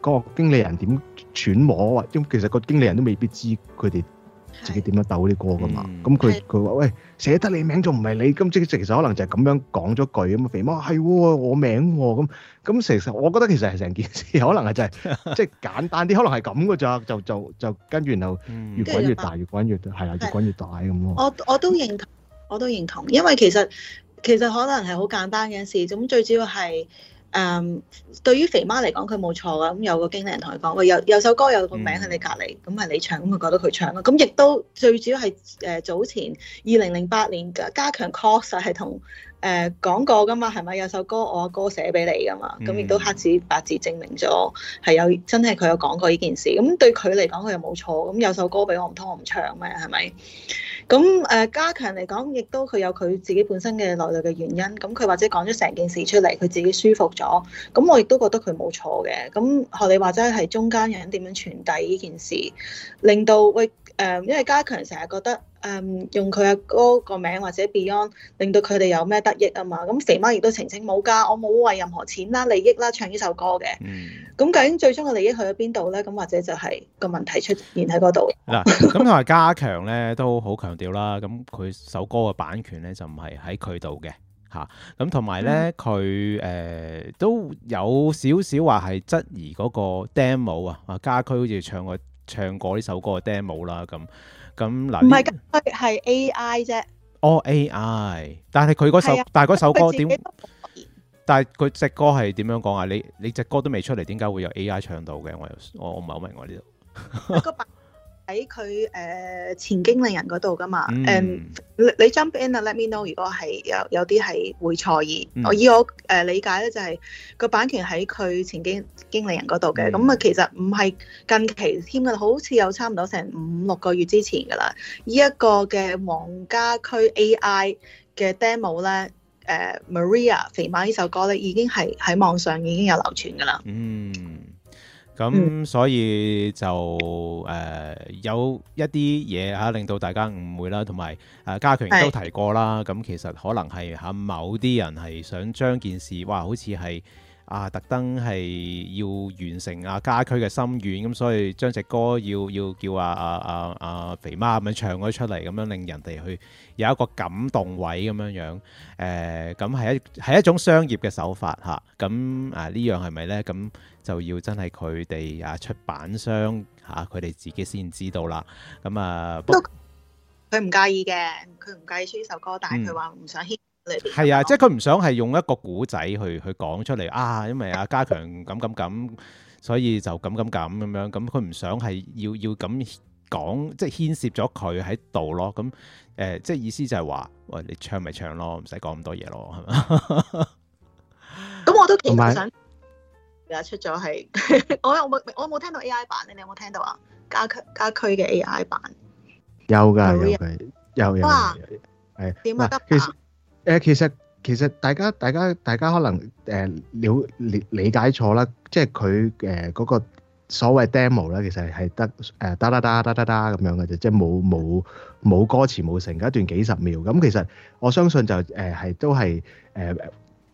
個經理人點揣摩啊？因為其實個經理人都未必知佢哋。 自己點樣鬥嗰啲歌噶嘛？咁佢佢話：喂，寫得你名仲唔係你。咁即即其實可能就係咁樣講咗句咁肥媽係喎，我名喎咁咁。其實我覺得其實係成件事可能就係， 可能係就係即係簡單啲，可能係咁噶咋？就就就跟住然後越滾越大，越滾越係啦，越滾越大咁咯。的越越我我都認同我都認同，因為其實其實可能係好簡單嘅事。咁最主要係。誒，um, 對於肥媽嚟講，佢冇錯啊！咁有個經理人同佢講，喂，有有首歌有個名喺你隔離，咁係你唱，咁咪覺得佢唱咯。咁亦都最主要係誒、呃、早前二零零八年家強確實係同誒講過噶嘛，係咪有首歌我阿哥，哥寫俾你噶嘛？咁亦都黑字白字證明咗係有真係佢有講過呢件事。咁對佢嚟講，佢又冇錯。咁有首歌俾我唔通我唔唱咩？係咪？咁誒家強嚟講，亦都佢有佢自己本身嘅內在嘅原因。咁佢或者講咗成件事出嚟，佢自己舒服咗。咁我亦都覺得佢冇錯嘅。咁學你話齋係中間有人點樣傳遞呢件事，令到喂誒、呃，因為家強成日覺得。誒用佢阿哥個名或者 Beyond，令到佢哋有咩得益啊嘛？咁肥媽亦都澄清冇加，我冇為任何錢啦利益啦唱呢首歌嘅。咁、嗯、究竟最終嘅利益去咗邊度咧？咁或者就係個問題出現喺嗰度。嗱、嗯，咁同埋家強咧都好強調啦。咁佢首歌嘅版權咧就唔係喺佢度嘅嚇。咁同埋咧佢誒都有少少話係質疑嗰個 Demo 啊啊家駒好似唱過。唱過呢首歌嘅 demo 啦，咁咁嗱，唔係佢係 AI 啫，哦 AI，但係佢嗰首的但係嗰首歌點？但係佢隻歌係點樣講啊？你你隻歌都未出嚟，點解會有 AI 唱到嘅？我我唔係好明我呢度。 喺佢誒前經理人嗰度噶嘛？誒、嗯，um, 你 jump in 啊，let me know。如果係有有啲係會錯意，我、嗯、以我誒、呃、理解咧，就係、是、個版權喺佢前經經理人嗰度嘅。咁啊、嗯，其實唔係近期添嘅添噶，好似有差唔多成五六個月之前噶啦。呢一個嘅黃家駒 AI 嘅 demo 咧，誒、呃、Maria 肥媽呢首歌咧，已經係喺網上已經有流傳噶啦。嗯。咁、嗯、 所以就誒、呃、有一啲嘢嚇令到大家誤會啦，同埋啊家強都提過啦。咁是其實可能係嚇某啲人係想將件事哇，好似係啊特登係要完成啊家駒嘅心願咁，所以將隻歌要要叫啊啊啊啊肥媽咁樣唱咗出嚟，咁樣令人哋去有一個感動位咁樣樣。誒咁係一係一種商業嘅手法吓。咁啊，啊，啊是是呢樣係咪咧？咁就要真係佢哋啊出版商吓，佢哋自己先知道啦。咁啊，佢唔介意嘅，佢唔介意出呢首歌，但係佢話唔想牽涉你哋。係啊，即係佢唔想係用一個古仔去去講出嚟啊，因為啊家強，咁咁咁，所以就咁咁咁咁樣，咁佢唔想係要要咁講，即係牽涉咗佢喺度咯。咁誒，即係意思就係話，喂，你唱咪唱咯，唔使講咁多嘢咯，係咪？咁我都其實。啊！出咗係，我我冇我冇聽到 AI 版咧，你有冇聽到啊？家駒家駒嘅 AI 版有㗎，有有。係點啊？其實誒，其實其實大家大家大家可能誒了理理解錯啦，即係佢誒嗰個所謂 demo 咧，其實係得誒，嗒嗒嗒嗒嗒嗒咁樣嘅啫，即係冇冇冇歌詞冇成嘅一段幾十秒。咁其實我相信就誒係都係誒。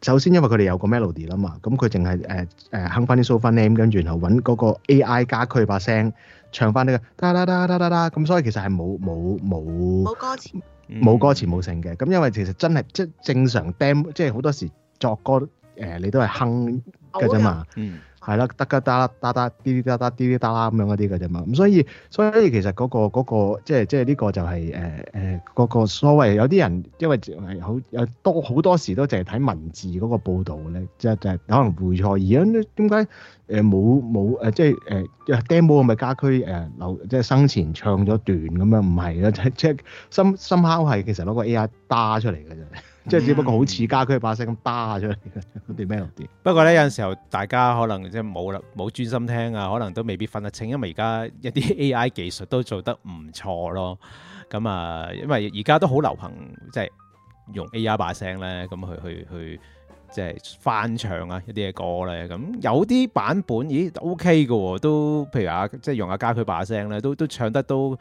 首先因為佢哋有個 melody 啦嘛，咁佢淨係誒誒哼翻啲 solfa name 跟住然後揾嗰個 AI 加佢把聲唱翻呢個，得得得得得得，咁所以其實係冇冇冇冇歌詞，冇、嗯、歌詞冇成嘅，咁因為其實真係即係正常 demo，即係好多時作歌誒、呃、你都係哼嘅啫嘛，嗯。係啦，得得得啦，得得，滴滴得得，滴滴得啦，咁樣一啲㗎啫嘛。咁所以，所以其實嗰個嗰個即係即係呢個就係誒誒嗰個所謂有啲人，因為係好有多好多時都淨係睇文字嗰個報導咧，即係就係可能會錯。而咁點解誒冇冇誒即係誒 demo 咪家駒誒留即係生前唱咗段咁樣，唔係啊？即係即係深深敲係其實攞個 A.I. 打出嚟嘅啫。即係 只不過好似家駒把聲咁扒下出嚟，嗰啲咩嗰啲。 不過咧有陣時候，大家可能即係冇啦，冇專心聽啊，可能都未必分得清，因為而家一啲 AI 技術都做得唔錯咯。咁啊，因為而家都好流行，即係用 AI 把聲咧，咁去去去即係翻唱啊一啲嘅歌咧。咁有啲版本，咦 OK 嘅，都譬如啊，即係用阿家駒把聲咧，都都唱得都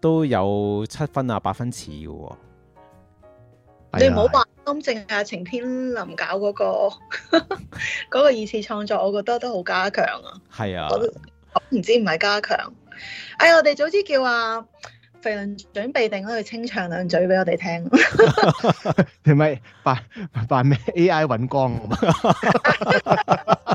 都有七分啊八分似嘅。你唔好話，咁正啊，晴天林搞嗰、個、嗰 個二次創作，我覺得都好家強啊！係啊，我唔知唔係家強？哎，我哋早知叫啊，肥麟準備定嗰度清唱兩嘴俾我哋聽， 你咪扮扮咩 AI 揾光？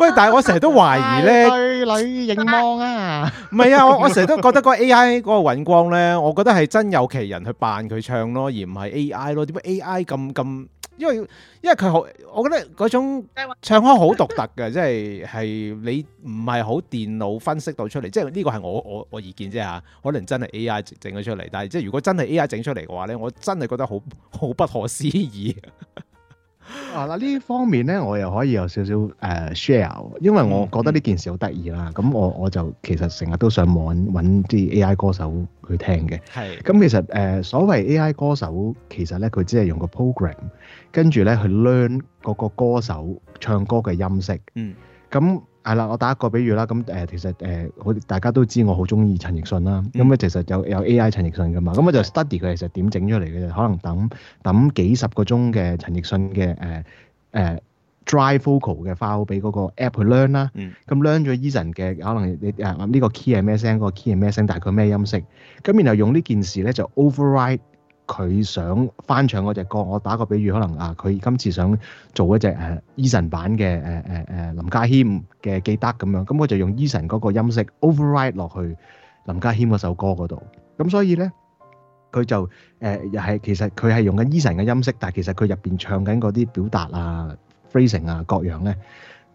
喂，但係我成日都懷疑咧、哎，女影光啊，唔 係啊，我我成日都覺得嗰個 AI 嗰個韻光咧，我覺得係真有其人去扮佢唱咯，而唔係 AI 咯。點解 AI 咁咁？因為因為佢好，我覺得嗰種唱腔好獨特嘅，即係係你唔係好電腦分析到出嚟，即係呢個係我我我意見啫嚇。可能真係 AI 整咗出嚟，但係即係如果真係 AI 整出嚟嘅話咧，我真係覺得好好不可思議。 啊呢方面呢，我又可以有少少誒、呃、share，因為我覺得呢件事好得意啦。咁、嗯、我我就其實成日都上網揾啲 AI 歌手去聽嘅。係。咁其實誒、呃、所謂 AI 歌手，其實呢，佢只係用個 program，跟住呢，去 learn 嗰個歌手唱歌嘅音色。嗯。咁。係啦，我打一個比喻啦。咁、呃、誒，其實誒，好、呃、大家都知我好中意陳奕迅啦。咁咧、嗯嗯，其實有有 A.I. 陳奕迅噶嘛。咁、嗯、我就 study 佢其實點整出嚟嘅，就可能等等幾十個鐘嘅陳奕迅嘅誒誒、呃呃、dry vocal 嘅 file 俾嗰個 app 去 learn 啦。咁 learn 咗 Eason 嘅可能呢個 key 係咩聲，嗰、那個 key 係咩聲，大概咩音色。咁然後用呢件事咧就 override。佢想翻唱嗰隻歌，我打個比喻，可能啊，佢今次想做一隻誒 Eason 版嘅誒誒誒林家謙嘅記得咁樣，咁我就用 Eason 嗰個音色 override 落去林家謙嗰首歌嗰度，咁所以咧佢就誒又係其實佢係用緊、e、Eason 嘅音色，但係其實佢入邊唱緊嗰啲表達啊、phrasing 啊、各樣咧。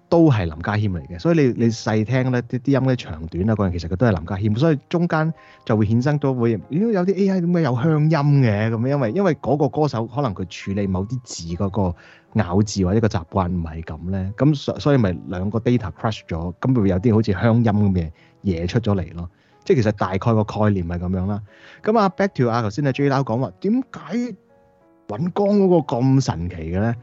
都係林家謙嚟嘅，所以你你細聽咧，啲啲音咧長短啊，嗰人其實佢都係林家謙，所以中間就會衍生到會，有啲 AI 點解有鄉音嘅咁，因為因為嗰個歌手可能佢處理某啲字嗰個咬字或者個習慣唔係咁咧，咁所所以咪兩個 data crush 咗，咁咪會有啲好似鄉音咁嘅嘢出咗嚟咯，即係其實大概個概念係咁樣啦。咁啊，back to 啊頭先阿 J 拉講話點解尹光嗰個咁神奇嘅咧？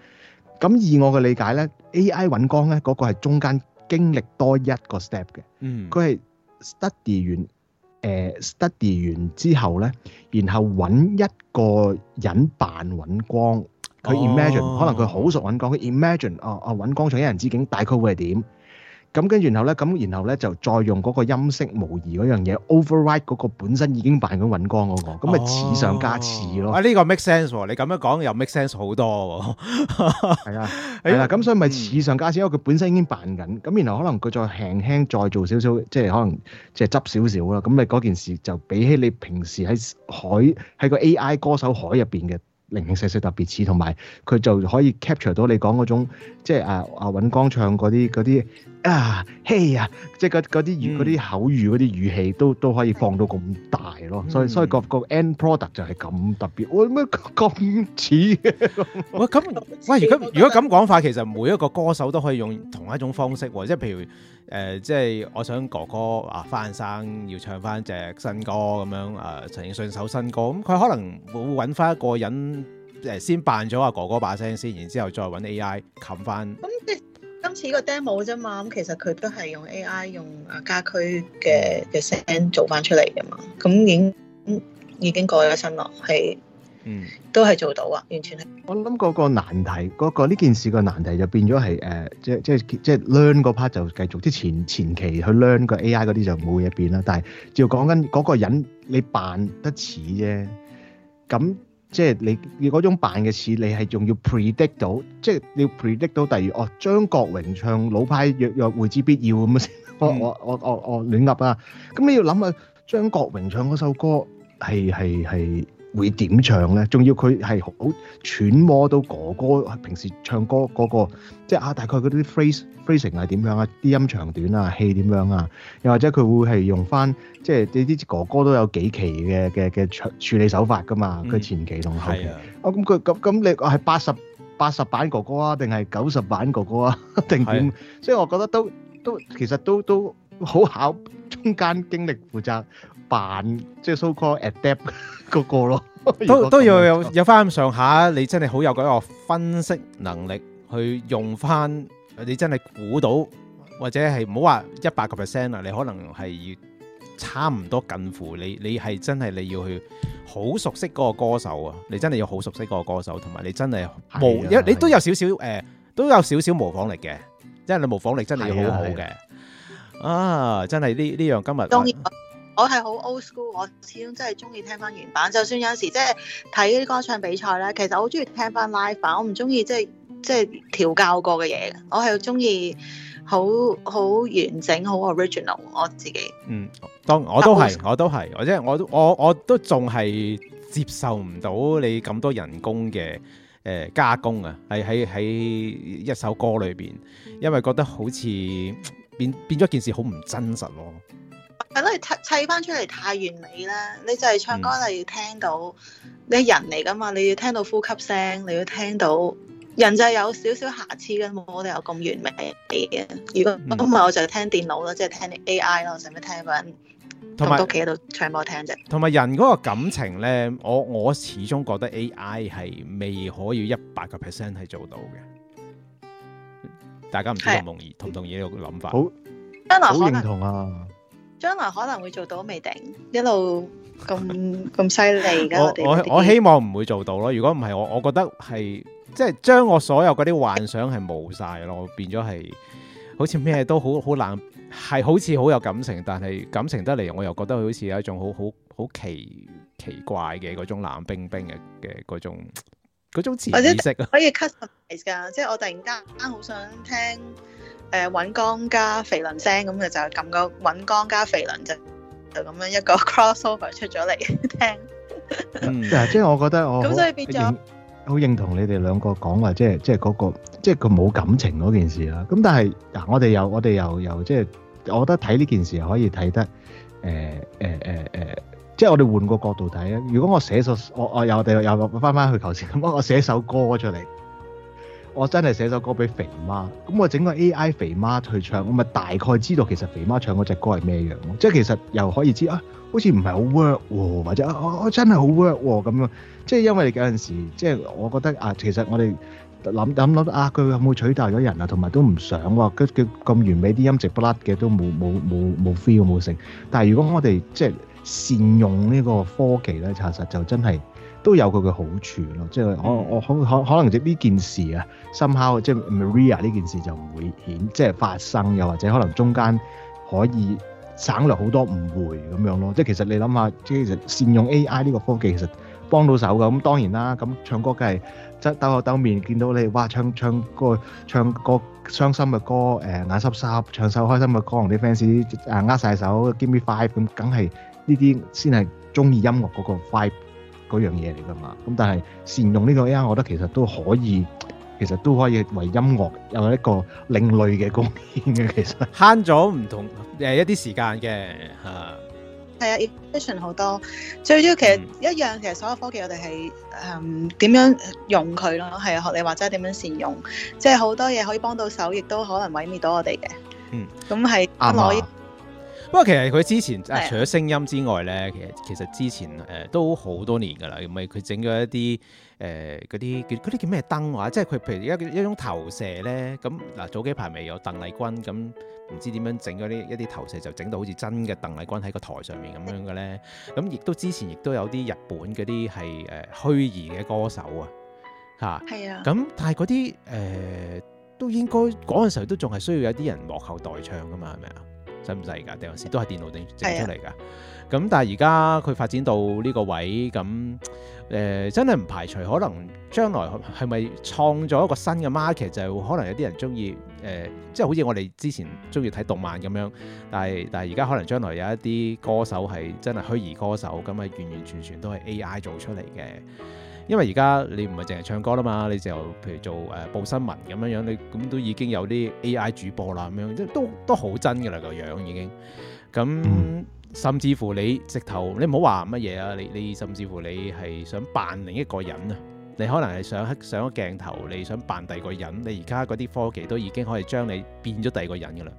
咁以我嘅理解咧，AI 揾光咧嗰個係中間經歷多一個 step 嘅，嗯，佢係 study 完，誒 study 完之後咧，然後揾一個人扮揾光，佢 imagine，可能佢好熟揾光，佢 imagine，哦，揾光唱一人之境，大概會係點？咁跟住，然後咧，咁然後咧就再用嗰個音色模擬嗰樣嘢 override 嗰個本身已經扮緊尹光嗰個，咁咪似上加似咯。啊，呢、這個 make sense 喎，你咁樣講又 make sense 好多喎，係 啊，係啦，咁所以咪似上加似，因為佢本身已經扮緊，咁 然後可能佢再輕輕再做少少，即係可能即係執少少啦。咁咪嗰件事就比起你平時喺海喺個 A I 歌手海入邊嘅，零零細細特別似，同埋佢就可以 capture 到你講嗰種，即係啊啊尹光唱嗰啲嗰啲啊嘿啊，即係嗰啲語嗰啲、嗯、口語嗰啲語氣都，都都可以放到咁大咯。所以所以個個 end product 就係咁特別。喂咩咁似？喂咁 喂，如果如果咁講法，其實每一個歌手都可以用同一種方式喎，即係譬如。誒、呃，即係我想哥哥啊，翻生要唱翻隻新歌咁樣啊，陳奕迅首新歌，咁、呃、佢、呃嗯、可能會揾翻一個人誒、呃，先扮咗阿哥哥把聲先，然之後再揾 AI 冚翻。咁即係今次個 demo 啫嘛，咁、嗯、其實佢都係用 AI 用啊家駒嘅嘅聲做翻出嚟噶嘛，咁、嗯、已經已經過咗新樂係。嗯，都係做到啊，完全係。我諗嗰個難題，嗰、嗰個呢件事個難題就變咗係誒，即係即係即係 learn 個 part 就繼續。即係前前期去 learn 個 AI 嗰啲就冇嘢變啦，但係照講緊嗰個人你扮得似啫。咁即係你你嗰種扮嘅似，你係仲要 predict 到，即係要 predict 到第二哦。張國榮唱老派《約約會之必要》咁啊、嗯、 我我我我我，我，我亂噏啊。咁你要諗下，張國榮唱嗰首歌係係係。會點唱咧？仲要佢係好揣摩到哥哥平時唱歌嗰個，即係啊大概嗰啲 phrase phrasing 係點樣啊？啲音長短啊，氣點樣啊？又或者佢會係用返即係你啲哥哥都有幾期嘅嘅嘅處處理手法㗎嘛？佢前期同後期。哦，咁佢咁咁你係八十八十版哥哥啊，定係九十版哥哥啊，定點？所以我覺得都都其實都都好考中間經歷負責。扮即係 so called adapt 嗰個咯，都都要有有翻，咁上下。你真係好有嗰個分析能力，去用翻。你真係估到，或者係唔好話一百個 percent 啊。你可能係要差唔多近乎你。你係真係你要去好熟悉嗰個歌手啊！你真係要好熟悉嗰個歌手，同埋你真係模，你都有少少誒，都有少少模仿力嘅。即係你模仿力真係要好好嘅。啊，真係呢呢樣今日。我係好 old school，我始終真係中意聽翻原版。就算有陣時即係睇啲歌唱比賽咧，其實我好中意聽翻 live 版，我唔中意即係即係調教過嘅嘢。我係中意好好完整、好 original。我自己嗯，當我都係，我都係，我即係我，我我都仲係接受唔到你咁多人工嘅誒加工啊！係喺喺一首歌裏邊，因為覺得好似變變咗件事好唔真實咯。係咯，你砌砌翻出嚟太完美啦！你就係唱歌，就要聽到、嗯、你人嚟㗎嘛，你要聽到呼吸聲，你要聽到人就係有少少瑕疵嘅，冇得有咁完美嘅。如果唔係，我就聽電腦咯，嗯、即係聽 AI 咯，使唔使聽個人同埋都企喺度唱歌俾我聽啫？同埋人嗰個感情咧，我我始終覺得 AI 係未可以一百個 percent 係做到嘅。大家唔知同唔同同唔同意？同唔同意呢個諗法？好，好，好認同啊！將來可能會做到未定，一路咁咁犀利㗎。 我我，我希望唔會做到咯。如果唔係，我我覺得係即係將我所有嗰啲幻想係冇晒咯，變咗係好似咩都好好冷，係好似好有感情，但係感情得嚟我又覺得佢好似有一種好好好奇奇怪嘅嗰種冷冰冰嘅嘅嗰種嗰種模式可以 customise 㗎，即係 我突然間好想聽。誒，穩鋼加肥麟聲咁嘅就係撳個穩鋼加肥麟啫，就咁樣一個 crossover 出咗嚟聽。嗯，即係我覺得我咁所以變咗好認同你哋兩個講話，即係即係嗰個即係佢冇感情嗰件事啦。咁但係嗱，我哋又我哋又又即係，我覺得睇呢件事可以睇得誒誒誒誒，即係我哋換個角度睇啊。如果我寫首我我又我哋又翻翻去頭先，咁我寫首歌出嚟。我真係寫首歌俾肥媽，咁我整個 AI 肥媽去唱，咪大概知道其實肥媽唱嗰隻歌係咩樣咯？即係其實又可以知啊，好似唔係好 work 喎、哦，或者我、啊啊、真係好 work 喎、哦、咁樣。即係因為有陣時，即係我覺得啊，其實我哋諗諗諗啊，佢會唔會取代咗人啊？同埋都唔想喎，佢佢咁完美啲音直不甩嘅都冇冇冇冇 feel 冇成。但係如果我哋即係善用呢個科技咧，查實就真係～都有佢嘅好處咯，即係我我可可可能即係呢件事啊深刻，即係 Maria 呢件事就唔會顯即係發生，又或者可能中間可以省略好多誤會咁樣咯。即係其實你諗下，即係其實善用 AI 呢個科技其實幫到手噶。咁當然啦，咁唱歌梗係即係兜口兜面見到你，哇唱唱個唱個傷心嘅歌，誒眼濕濕唱首開心嘅歌，同啲 fans 誒握曬手 give me five 咁，梗係呢啲先係中意音樂嗰個 five。嗰樣嘢嚟㗎嘛？咁但係善用呢個 A.I.，我覺得其實都可以，其實都可以為音樂有一個另類嘅貢獻嘅。其實慳咗唔同誒一啲時間嘅嚇。係啊，efficient 好多。最主要其實一樣其實所有科技，我哋係誒點樣用佢咯？係學你話齋點樣善用，即係好多嘢可以幫到手，亦都可能毀滅到我哋嘅。嗯，咁係可以。不過其實佢之前誒、啊、除咗聲音之外咧，其實其實之前誒、呃、都好多年噶啦，咪佢整咗一啲誒嗰啲叫啲叫咩燈話、啊，即係佢譬如而家一種投射咧，咁、嗯、嗱、啊、早幾排咪有鄧麗君咁，唔、嗯、知點樣整嗰啲一啲投射就整到好似真嘅鄧麗君喺個台上面咁樣嘅咧，咁、嗯、亦、嗯、都之前亦都有啲日本嗰啲係誒虛擬嘅歌手啊，吓係啊，咁、嗯、但係嗰啲誒都應該嗰陣時候都仲係需要有啲人幕後代唱噶嘛，係咪啊？使唔使㗎？定係都係電腦定整出嚟㗎？咁的但係而家佢發展到呢個位，咁誒、呃、真係唔排除可能將來係咪創造一個新嘅 market 就係、是、可能有啲人鍾意。誒、呃，即係好似我哋之前中意睇動漫咁樣，但係但係而家可能將來有一啲歌手係真係虛擬歌手咁啊，完完全全都係 AI 做出嚟嘅。因為而家你唔係淨係唱歌啦嘛，你就譬如做誒、呃、報新聞咁樣樣，你咁都已經有啲 AI 主播啦咁樣，即都都好真㗎啦個樣已經。咁、嗯、甚至乎你直頭你唔好話乜嘢啊，你你，你甚至乎你係想扮另一個人啊？你可能係想黑上個鏡頭，你想扮第二個人，你而家嗰啲科技都已經可以將你變咗第二個人噶啦。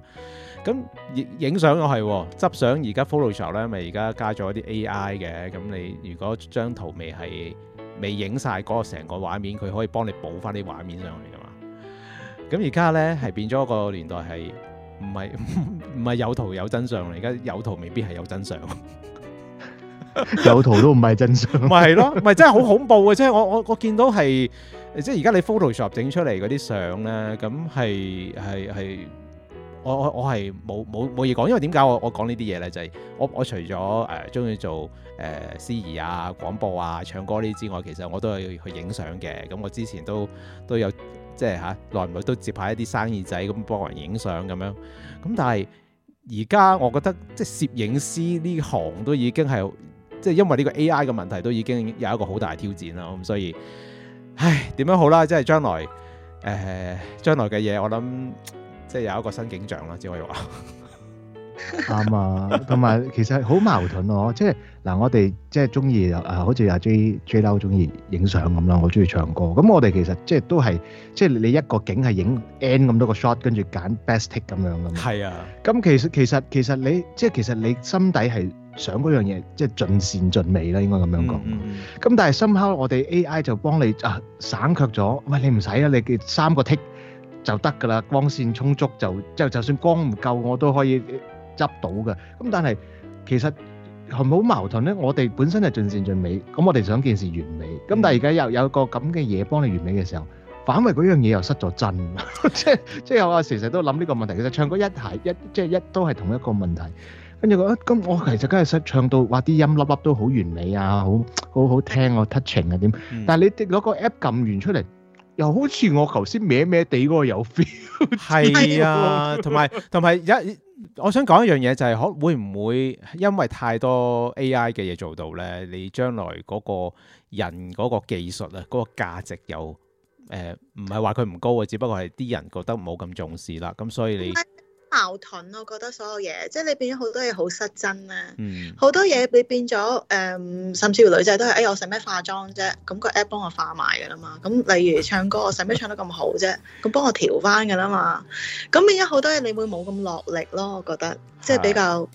咁影影相又係喎，執相而家 Photoshop 咧，咪而家加咗啲 AI 嘅。咁你如果張圖未係未影晒嗰個成個畫面，佢可以幫你補翻啲畫面上去噶嘛。咁而家咧係變咗個年代，係唔係唔係有圖有真相？而家有圖未必係有真相。有圖都唔係真相，咪係咯，咪真係好恐怖嘅，即係我我我見到係，即係而家你 Photoshop 整出嚟嗰啲相咧，咁係係係，我我我係冇冇冇嘢講，因為點解我我講呢啲嘢咧，就係我我除咗誒中意做誒司儀啊、廣播啊、唱歌呢啲之外，其實我都係去影相嘅，咁我之前都都有即係吓，耐唔耐都接下一啲生意仔，咁幫人影相咁樣，咁但係而家我覺得即係攝影師呢行都已經係。即係因為呢個 AI 嘅問題都已經有一個好大挑戰啦，咁所以，唉，點樣好啦？即係將來，誒，將來嘅嘢，我諗即係有一個新景象啦，只可以話。啱啊，同埋其實係好矛盾咯，即係嗱，我哋即係中意啊，好似阿 J J Lau 中意影相咁啦，我中意唱歌，咁我哋其實即係都係，即係你一個景係影 N 咁多個 shot，跟住揀 best take 咁樣咁。係啊。咁其實其實其實你即係其實你心底係。想嗰樣嘢即係盡善盡美啦，應該咁樣講。咁但係深刻，我哋 A.I. 就幫你啊省卻咗。喂，你唔使啊，你嘅三個剔就得㗎啦。光線充足就之後，就算光唔夠，我都可以執到嘅。咁但係其實係咪好矛盾呢？我哋本身就盡善盡美，咁我哋想件事完美，咁但係而家又有個咁嘅嘢幫你完美嘅時候，反為嗰樣嘢又失咗真。即即係我成日都諗呢個問題。其實唱歌一係一即係一都係同一個問題。跟住講，咁我其實梗係識唱到，哇！啲音粒粒都好完美啊，好好好聽啊，touching 啊點。但係你攞個 app 撳完出嚟，又好似我頭先歪歪地嗰個有 feel。係啊，同埋同埋一，我想講一樣嘢就係可會唔會因為太多 AI 嘅嘢做到咧？你將來嗰個人嗰個技術啊，嗰個價值又誒，唔係話佢唔高啊，只不過係啲人覺得冇咁重視啦。咁所以你。矛盾咯，我覺得所有嘢，即係你變咗好多嘢好失真啦、啊，好、嗯、多嘢你變咗，誒、呃，甚至乎女仔都係，哎呀，我使咩化妝啫？咁個 app 幫我化埋噶啦嘛，咁例如唱歌，我使咩唱得咁好啫？咁幫我調翻噶啦嘛，咁變咗好多嘢你會冇咁落力咯，我覺得的即係比較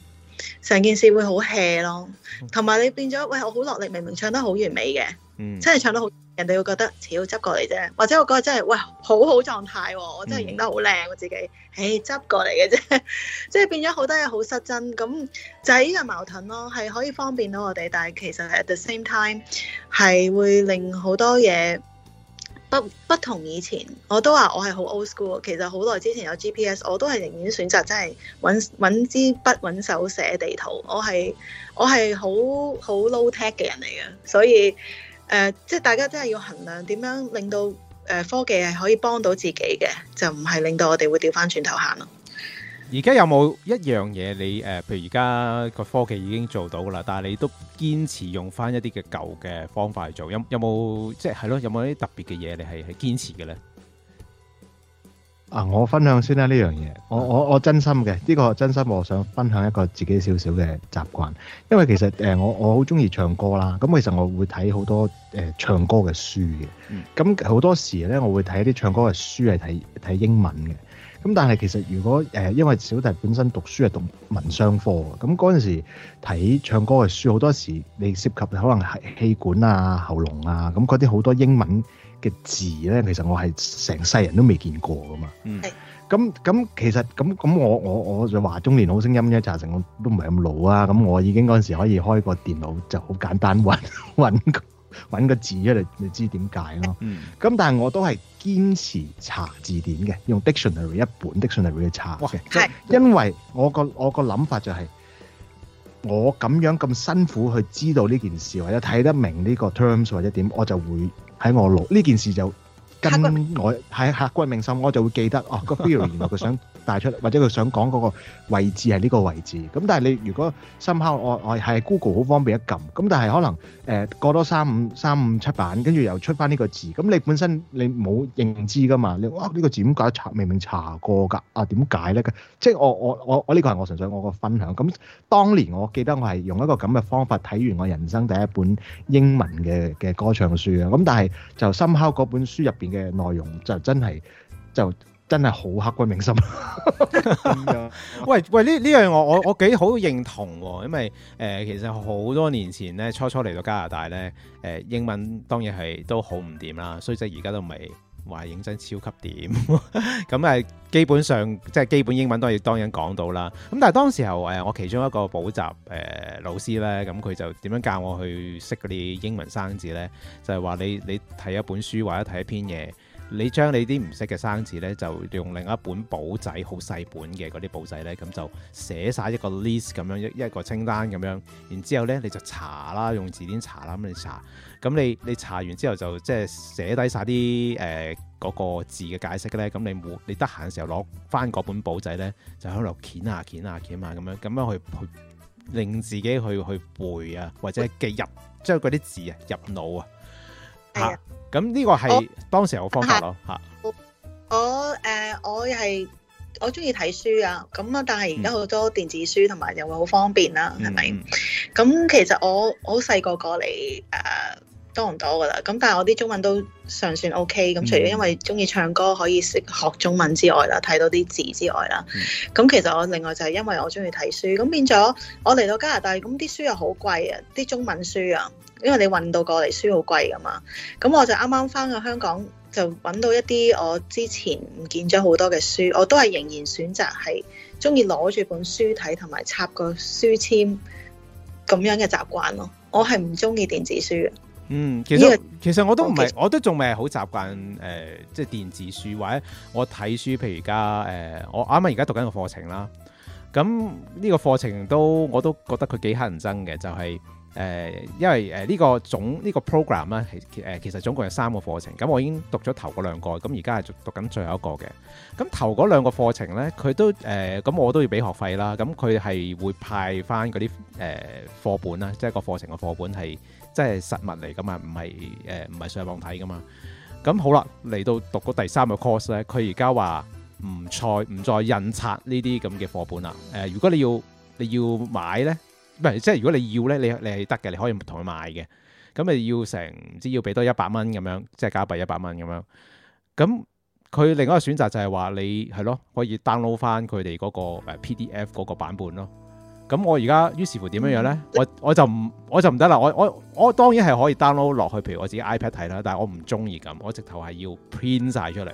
成件事會好 hea 咯，同埋你變咗，喂，我好落力，明明唱得好完美嘅，嗯、真係唱得好。人哋會覺得，似執過嚟啫，或者我覺得真係，哇，好好狀態喎、哦，我真係影得好靚、啊，我自己，誒、哎，執過嚟嘅啫，即 係變咗好多嘢好失真，咁就係呢個矛盾咯，係可以方便到我哋，但係其實 at the same time 係會令好多嘢不不同以前。我都話我係好 old school，其實好耐之前有 GPS，我都係寧願選擇真係揾揾支筆揾手寫地圖。我係我係好好 low tech 嘅人嚟嘅，所以。誒、呃，即係大家真係要衡量點樣令到誒、呃、科技係可以幫到自己嘅，就唔係令到我哋會掉翻轉頭行咯。而家有冇一樣嘢你誒、呃，譬如而家個科技已經做到啦，但係你都堅持用翻一啲嘅舊嘅方法去做，有有冇即係咯？有冇、即係、一啲特別嘅嘢你係係堅持嘅咧？啊！我分享先啦呢樣嘢，我我我真心嘅，呢、這個真心我想分享一個自己少少嘅習慣，因為其實誒、呃、我我好中意唱歌啦，咁、嗯、其實我會睇好多誒、呃、唱歌嘅書嘅，咁好多時咧我會睇一啲唱歌嘅書係睇睇英文嘅，咁但係其實如果誒、呃、因為小弟本身讀書係讀文商科，咁嗰陣時睇唱歌嘅書好多時你涉及可能係氣管啊、喉嚨啊，咁嗰啲好多英文。嘅字咧，其實我係成世人都未見過㗎嘛。嗯，咁咁其實咁咁，我我我就話中年好聲音咧，就成我都唔係咁老啊。咁我已經嗰陣時可以開個電腦就好簡單揾揾揾個字出嚟，你知點解咯？嗯，咁但係我都係堅持查字典嘅，用 dictionary 一本 dictionary 去查嘅。係，因為我個我個諗法就係，我咁樣咁辛苦去知道呢件事或者睇得明呢個 terms 或者點，我就會。喺我腦呢件事就跟我喺刻骨銘心，君我就會記得哦個 feel，原來佢想 帶出或者佢想講嗰個位置係呢個位置，咁但係你如果深敲我我係 Google 好方便一撳，咁但係可能誒、呃、過多三五三五七版，跟住又出翻呢個字，咁你本身你冇認知噶嘛？你哇呢、呢個字點解查明明查過㗎？啊點解咧？即係我我我我呢、呢個係我純粹我個分享。咁當年我記得我係用一個咁嘅方法睇完我人生第一本英文嘅嘅歌唱書啊，咁但係就深敲嗰本書入邊嘅內容就真係就。真係好刻骨銘心。喂 喂，呢呢樣我我我幾好認同喎、哦，因為誒、呃、其實好多年前咧，初初嚟到加拿大咧，誒、呃、英文當然係都好唔掂啦，所以即係而家都未話認真超級掂。咁 誒、嗯、基本上即係基本英文當然當然講到啦。咁但係當時候誒、呃、我其中一個補習誒老師咧，咁佢就點樣教我去識嗰啲英文生字咧？就係、是、話你你睇一本書或者睇一篇嘢。你將你啲唔識嘅生字咧，就用另一本簿仔，好細本嘅嗰啲簿仔咧，咁就寫晒一個 list 咁樣，一一個清單咁樣。然之後咧，你就查啦，用字典查啦，咁你查。咁你你查完之後就即係寫低晒啲誒嗰個字嘅解釋咧。咁你冇你得閒嘅時候攞翻嗰本簿仔咧，就喺度鉛下鉛下鉛下咁樣，咁樣去去令自己去去背啊，或者記入將嗰啲字啊入腦啊嚇。咁呢個係當時有方法咯嚇。我誒、呃、我係我中意睇書啊，咁啊但係而家好多電子書同埋又會好方便啦、啊，係咪、嗯？咁其實我好細個過嚟誒、呃，多唔多噶啦？咁但係我啲中文都尚算 OK。咁除咗因為中意唱歌可以識學中文之外啦，睇到啲字之外啦，咁、嗯、其實我另外就係因為我中意睇書，咁變咗我嚟到加拿大，咁啲書又好貴啊，啲中文書啊。因為你運到過嚟書好貴㗎嘛，咁我就啱啱返去香港就揾到一啲我之前唔見咗好多嘅書，我都係仍然選擇係中意攞住本書睇同埋插個書籤咁樣嘅習慣咯。我係唔中意電子書嘅。嗯，其實其實我都唔係，其實我都仲未係好習慣誒，即係電子書或者我睇書。譬如而家誒，我啱啱而家讀緊個課程啦，咁呢個課程都我都覺得佢幾乞人憎嘅，就係。誒，因為誒呢個總呢個 program 咧，其誒其實總共有三個課程，咁我已經讀咗頭嗰兩個，咁而家係讀讀緊最後一個嘅。咁頭嗰兩個課程咧，佢都誒，咁、呃、我都要俾學費啦。咁佢係會派翻嗰啲誒課本啦，即係個課程嘅課本係即係實物嚟噶、呃、嘛，唔係誒唔係上網睇噶嘛。咁好啦，嚟到讀嗰第三個 course 咧，佢而家話唔再唔再印刷呢啲咁嘅課本啦。誒、呃，如果你要你要買咧？即係如果你要咧，你你係得嘅，你可以同佢買嘅。咁啊，要成唔知要俾多一百蚊咁樣，即係加幣一百蚊咁樣。咁佢另外一個選擇就係話，你係咯，可以 download 翻佢哋嗰個 PDF 嗰個版本咯。咁我而家於是乎點樣樣呢？我我就唔我就唔得啦。我我我當然係可以 download 落去，譬如我自己 iPad 睇啦。但係我唔中意咁，我直頭係要 print 晒出嚟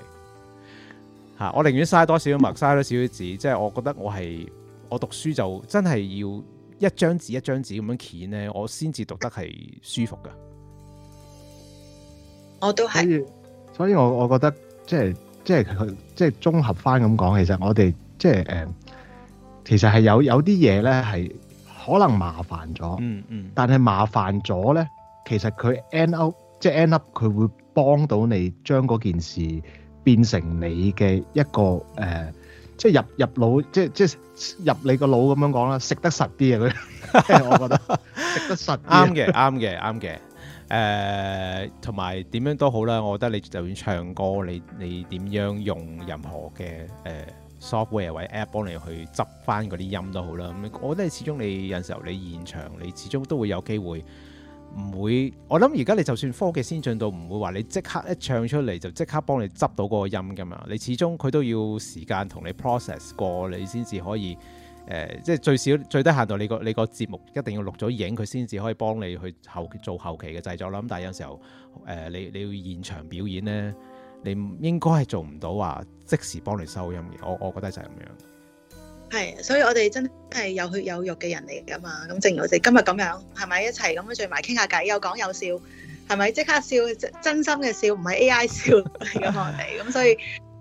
嚇、啊。我寧願嘥多少墨，嘥多少紙，即係我覺得我係我讀書就真係要。一張紙，一張紙咁樣攰咧，我先至讀得係舒服噶。我都係，所以我我覺得即係即係佢即係綜合翻咁講，其實我哋即係誒，其實係有有啲嘢咧係可能麻煩咗，嗯嗯，但係麻煩咗咧，其實佢 end up 即係 end up，佢會幫到你將嗰件事變成你嘅一個誒。呃即係入入腦，即係即係入你個腦咁樣講啦，食得實啲啊！佢，即係我覺得食得實啲，啱嘅， 啱嘅，啱嘅。誒、呃，同埋點樣都好啦，我覺得你就算唱歌，你你點樣用任何嘅誒、呃、software 或者 app 幫你去執翻嗰啲音都好啦。咁，我覺得始終你有陣時候你現場，你始終都會有機會。唔會，我諗而家你就算科技先進到唔會話你即刻一唱出嚟就即刻幫你執到嗰個音㗎嘛。你始終佢都要時間同你 process 過，你先至可以誒、呃，即係最少最低限度你個你個節目一定要錄咗影，佢先至可以幫你去後做後期嘅製作啦。咁但係有時候誒、呃，你你要現場表演呢，你應該係做唔到話即時幫你收音嘅。我我覺得就係咁樣。係，所以我哋真係有血有肉嘅人嚟噶嘛，咁正如我哋今日咁樣，係咪一齊咁樣聚埋傾下偈，有講有笑，係咪即刻笑？真心嘅笑，唔係 A I 笑嚟噶我哋咁， 所以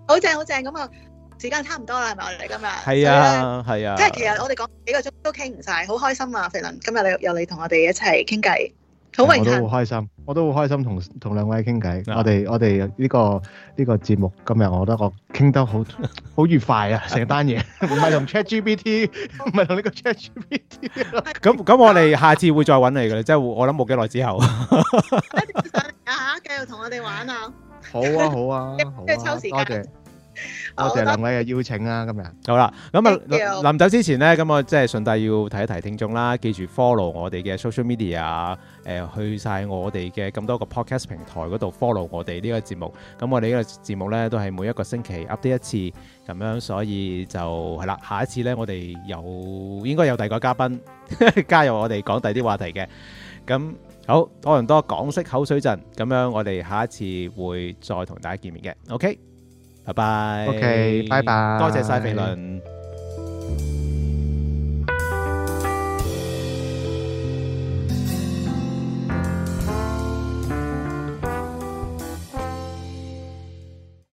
好正好正咁啊！那個、時間差唔多啦，係咪我哋今日？係啊，係以啊。即係其實我哋講幾個鐘都傾唔晒，好開心啊！肥麟，今日你由你同我哋一齊傾偈。我都好開心，我都好開心同同兩位傾偈、啊。我哋我哋呢個呢、呢個節目今日我覺得我傾得好好 愉快啊！成單嘢唔係同 ChatGPT，唔係同呢個 ChatGPT。咁咁， 的我哋下次會再揾你嘅，即係 我諗冇幾耐之後。啊嚇！ 繼續同我哋玩啊！好啊好啊，跟住抽時間。謝謝多謝兩位嘅邀請啦，今日好啦，咁啊臨走之前呢，咁我即係順帶要提一提聽眾啦，記住 follow 我哋嘅 social media，誒，去晒我哋嘅咁多個 podcast 平台嗰度 follow 我哋呢個節目。咁我哋呢個節目呢，都係每一個星期 update 一次，咁樣，所以就係啦，下一次呢，我哋有應該有第二個嘉賓 加入我哋講第二啲話題嘅。咁好，多倫多港式口水陣。咁樣，我哋下一次會再同大家見面嘅。OK。拜拜。O.K. 拜拜。多謝曬評論。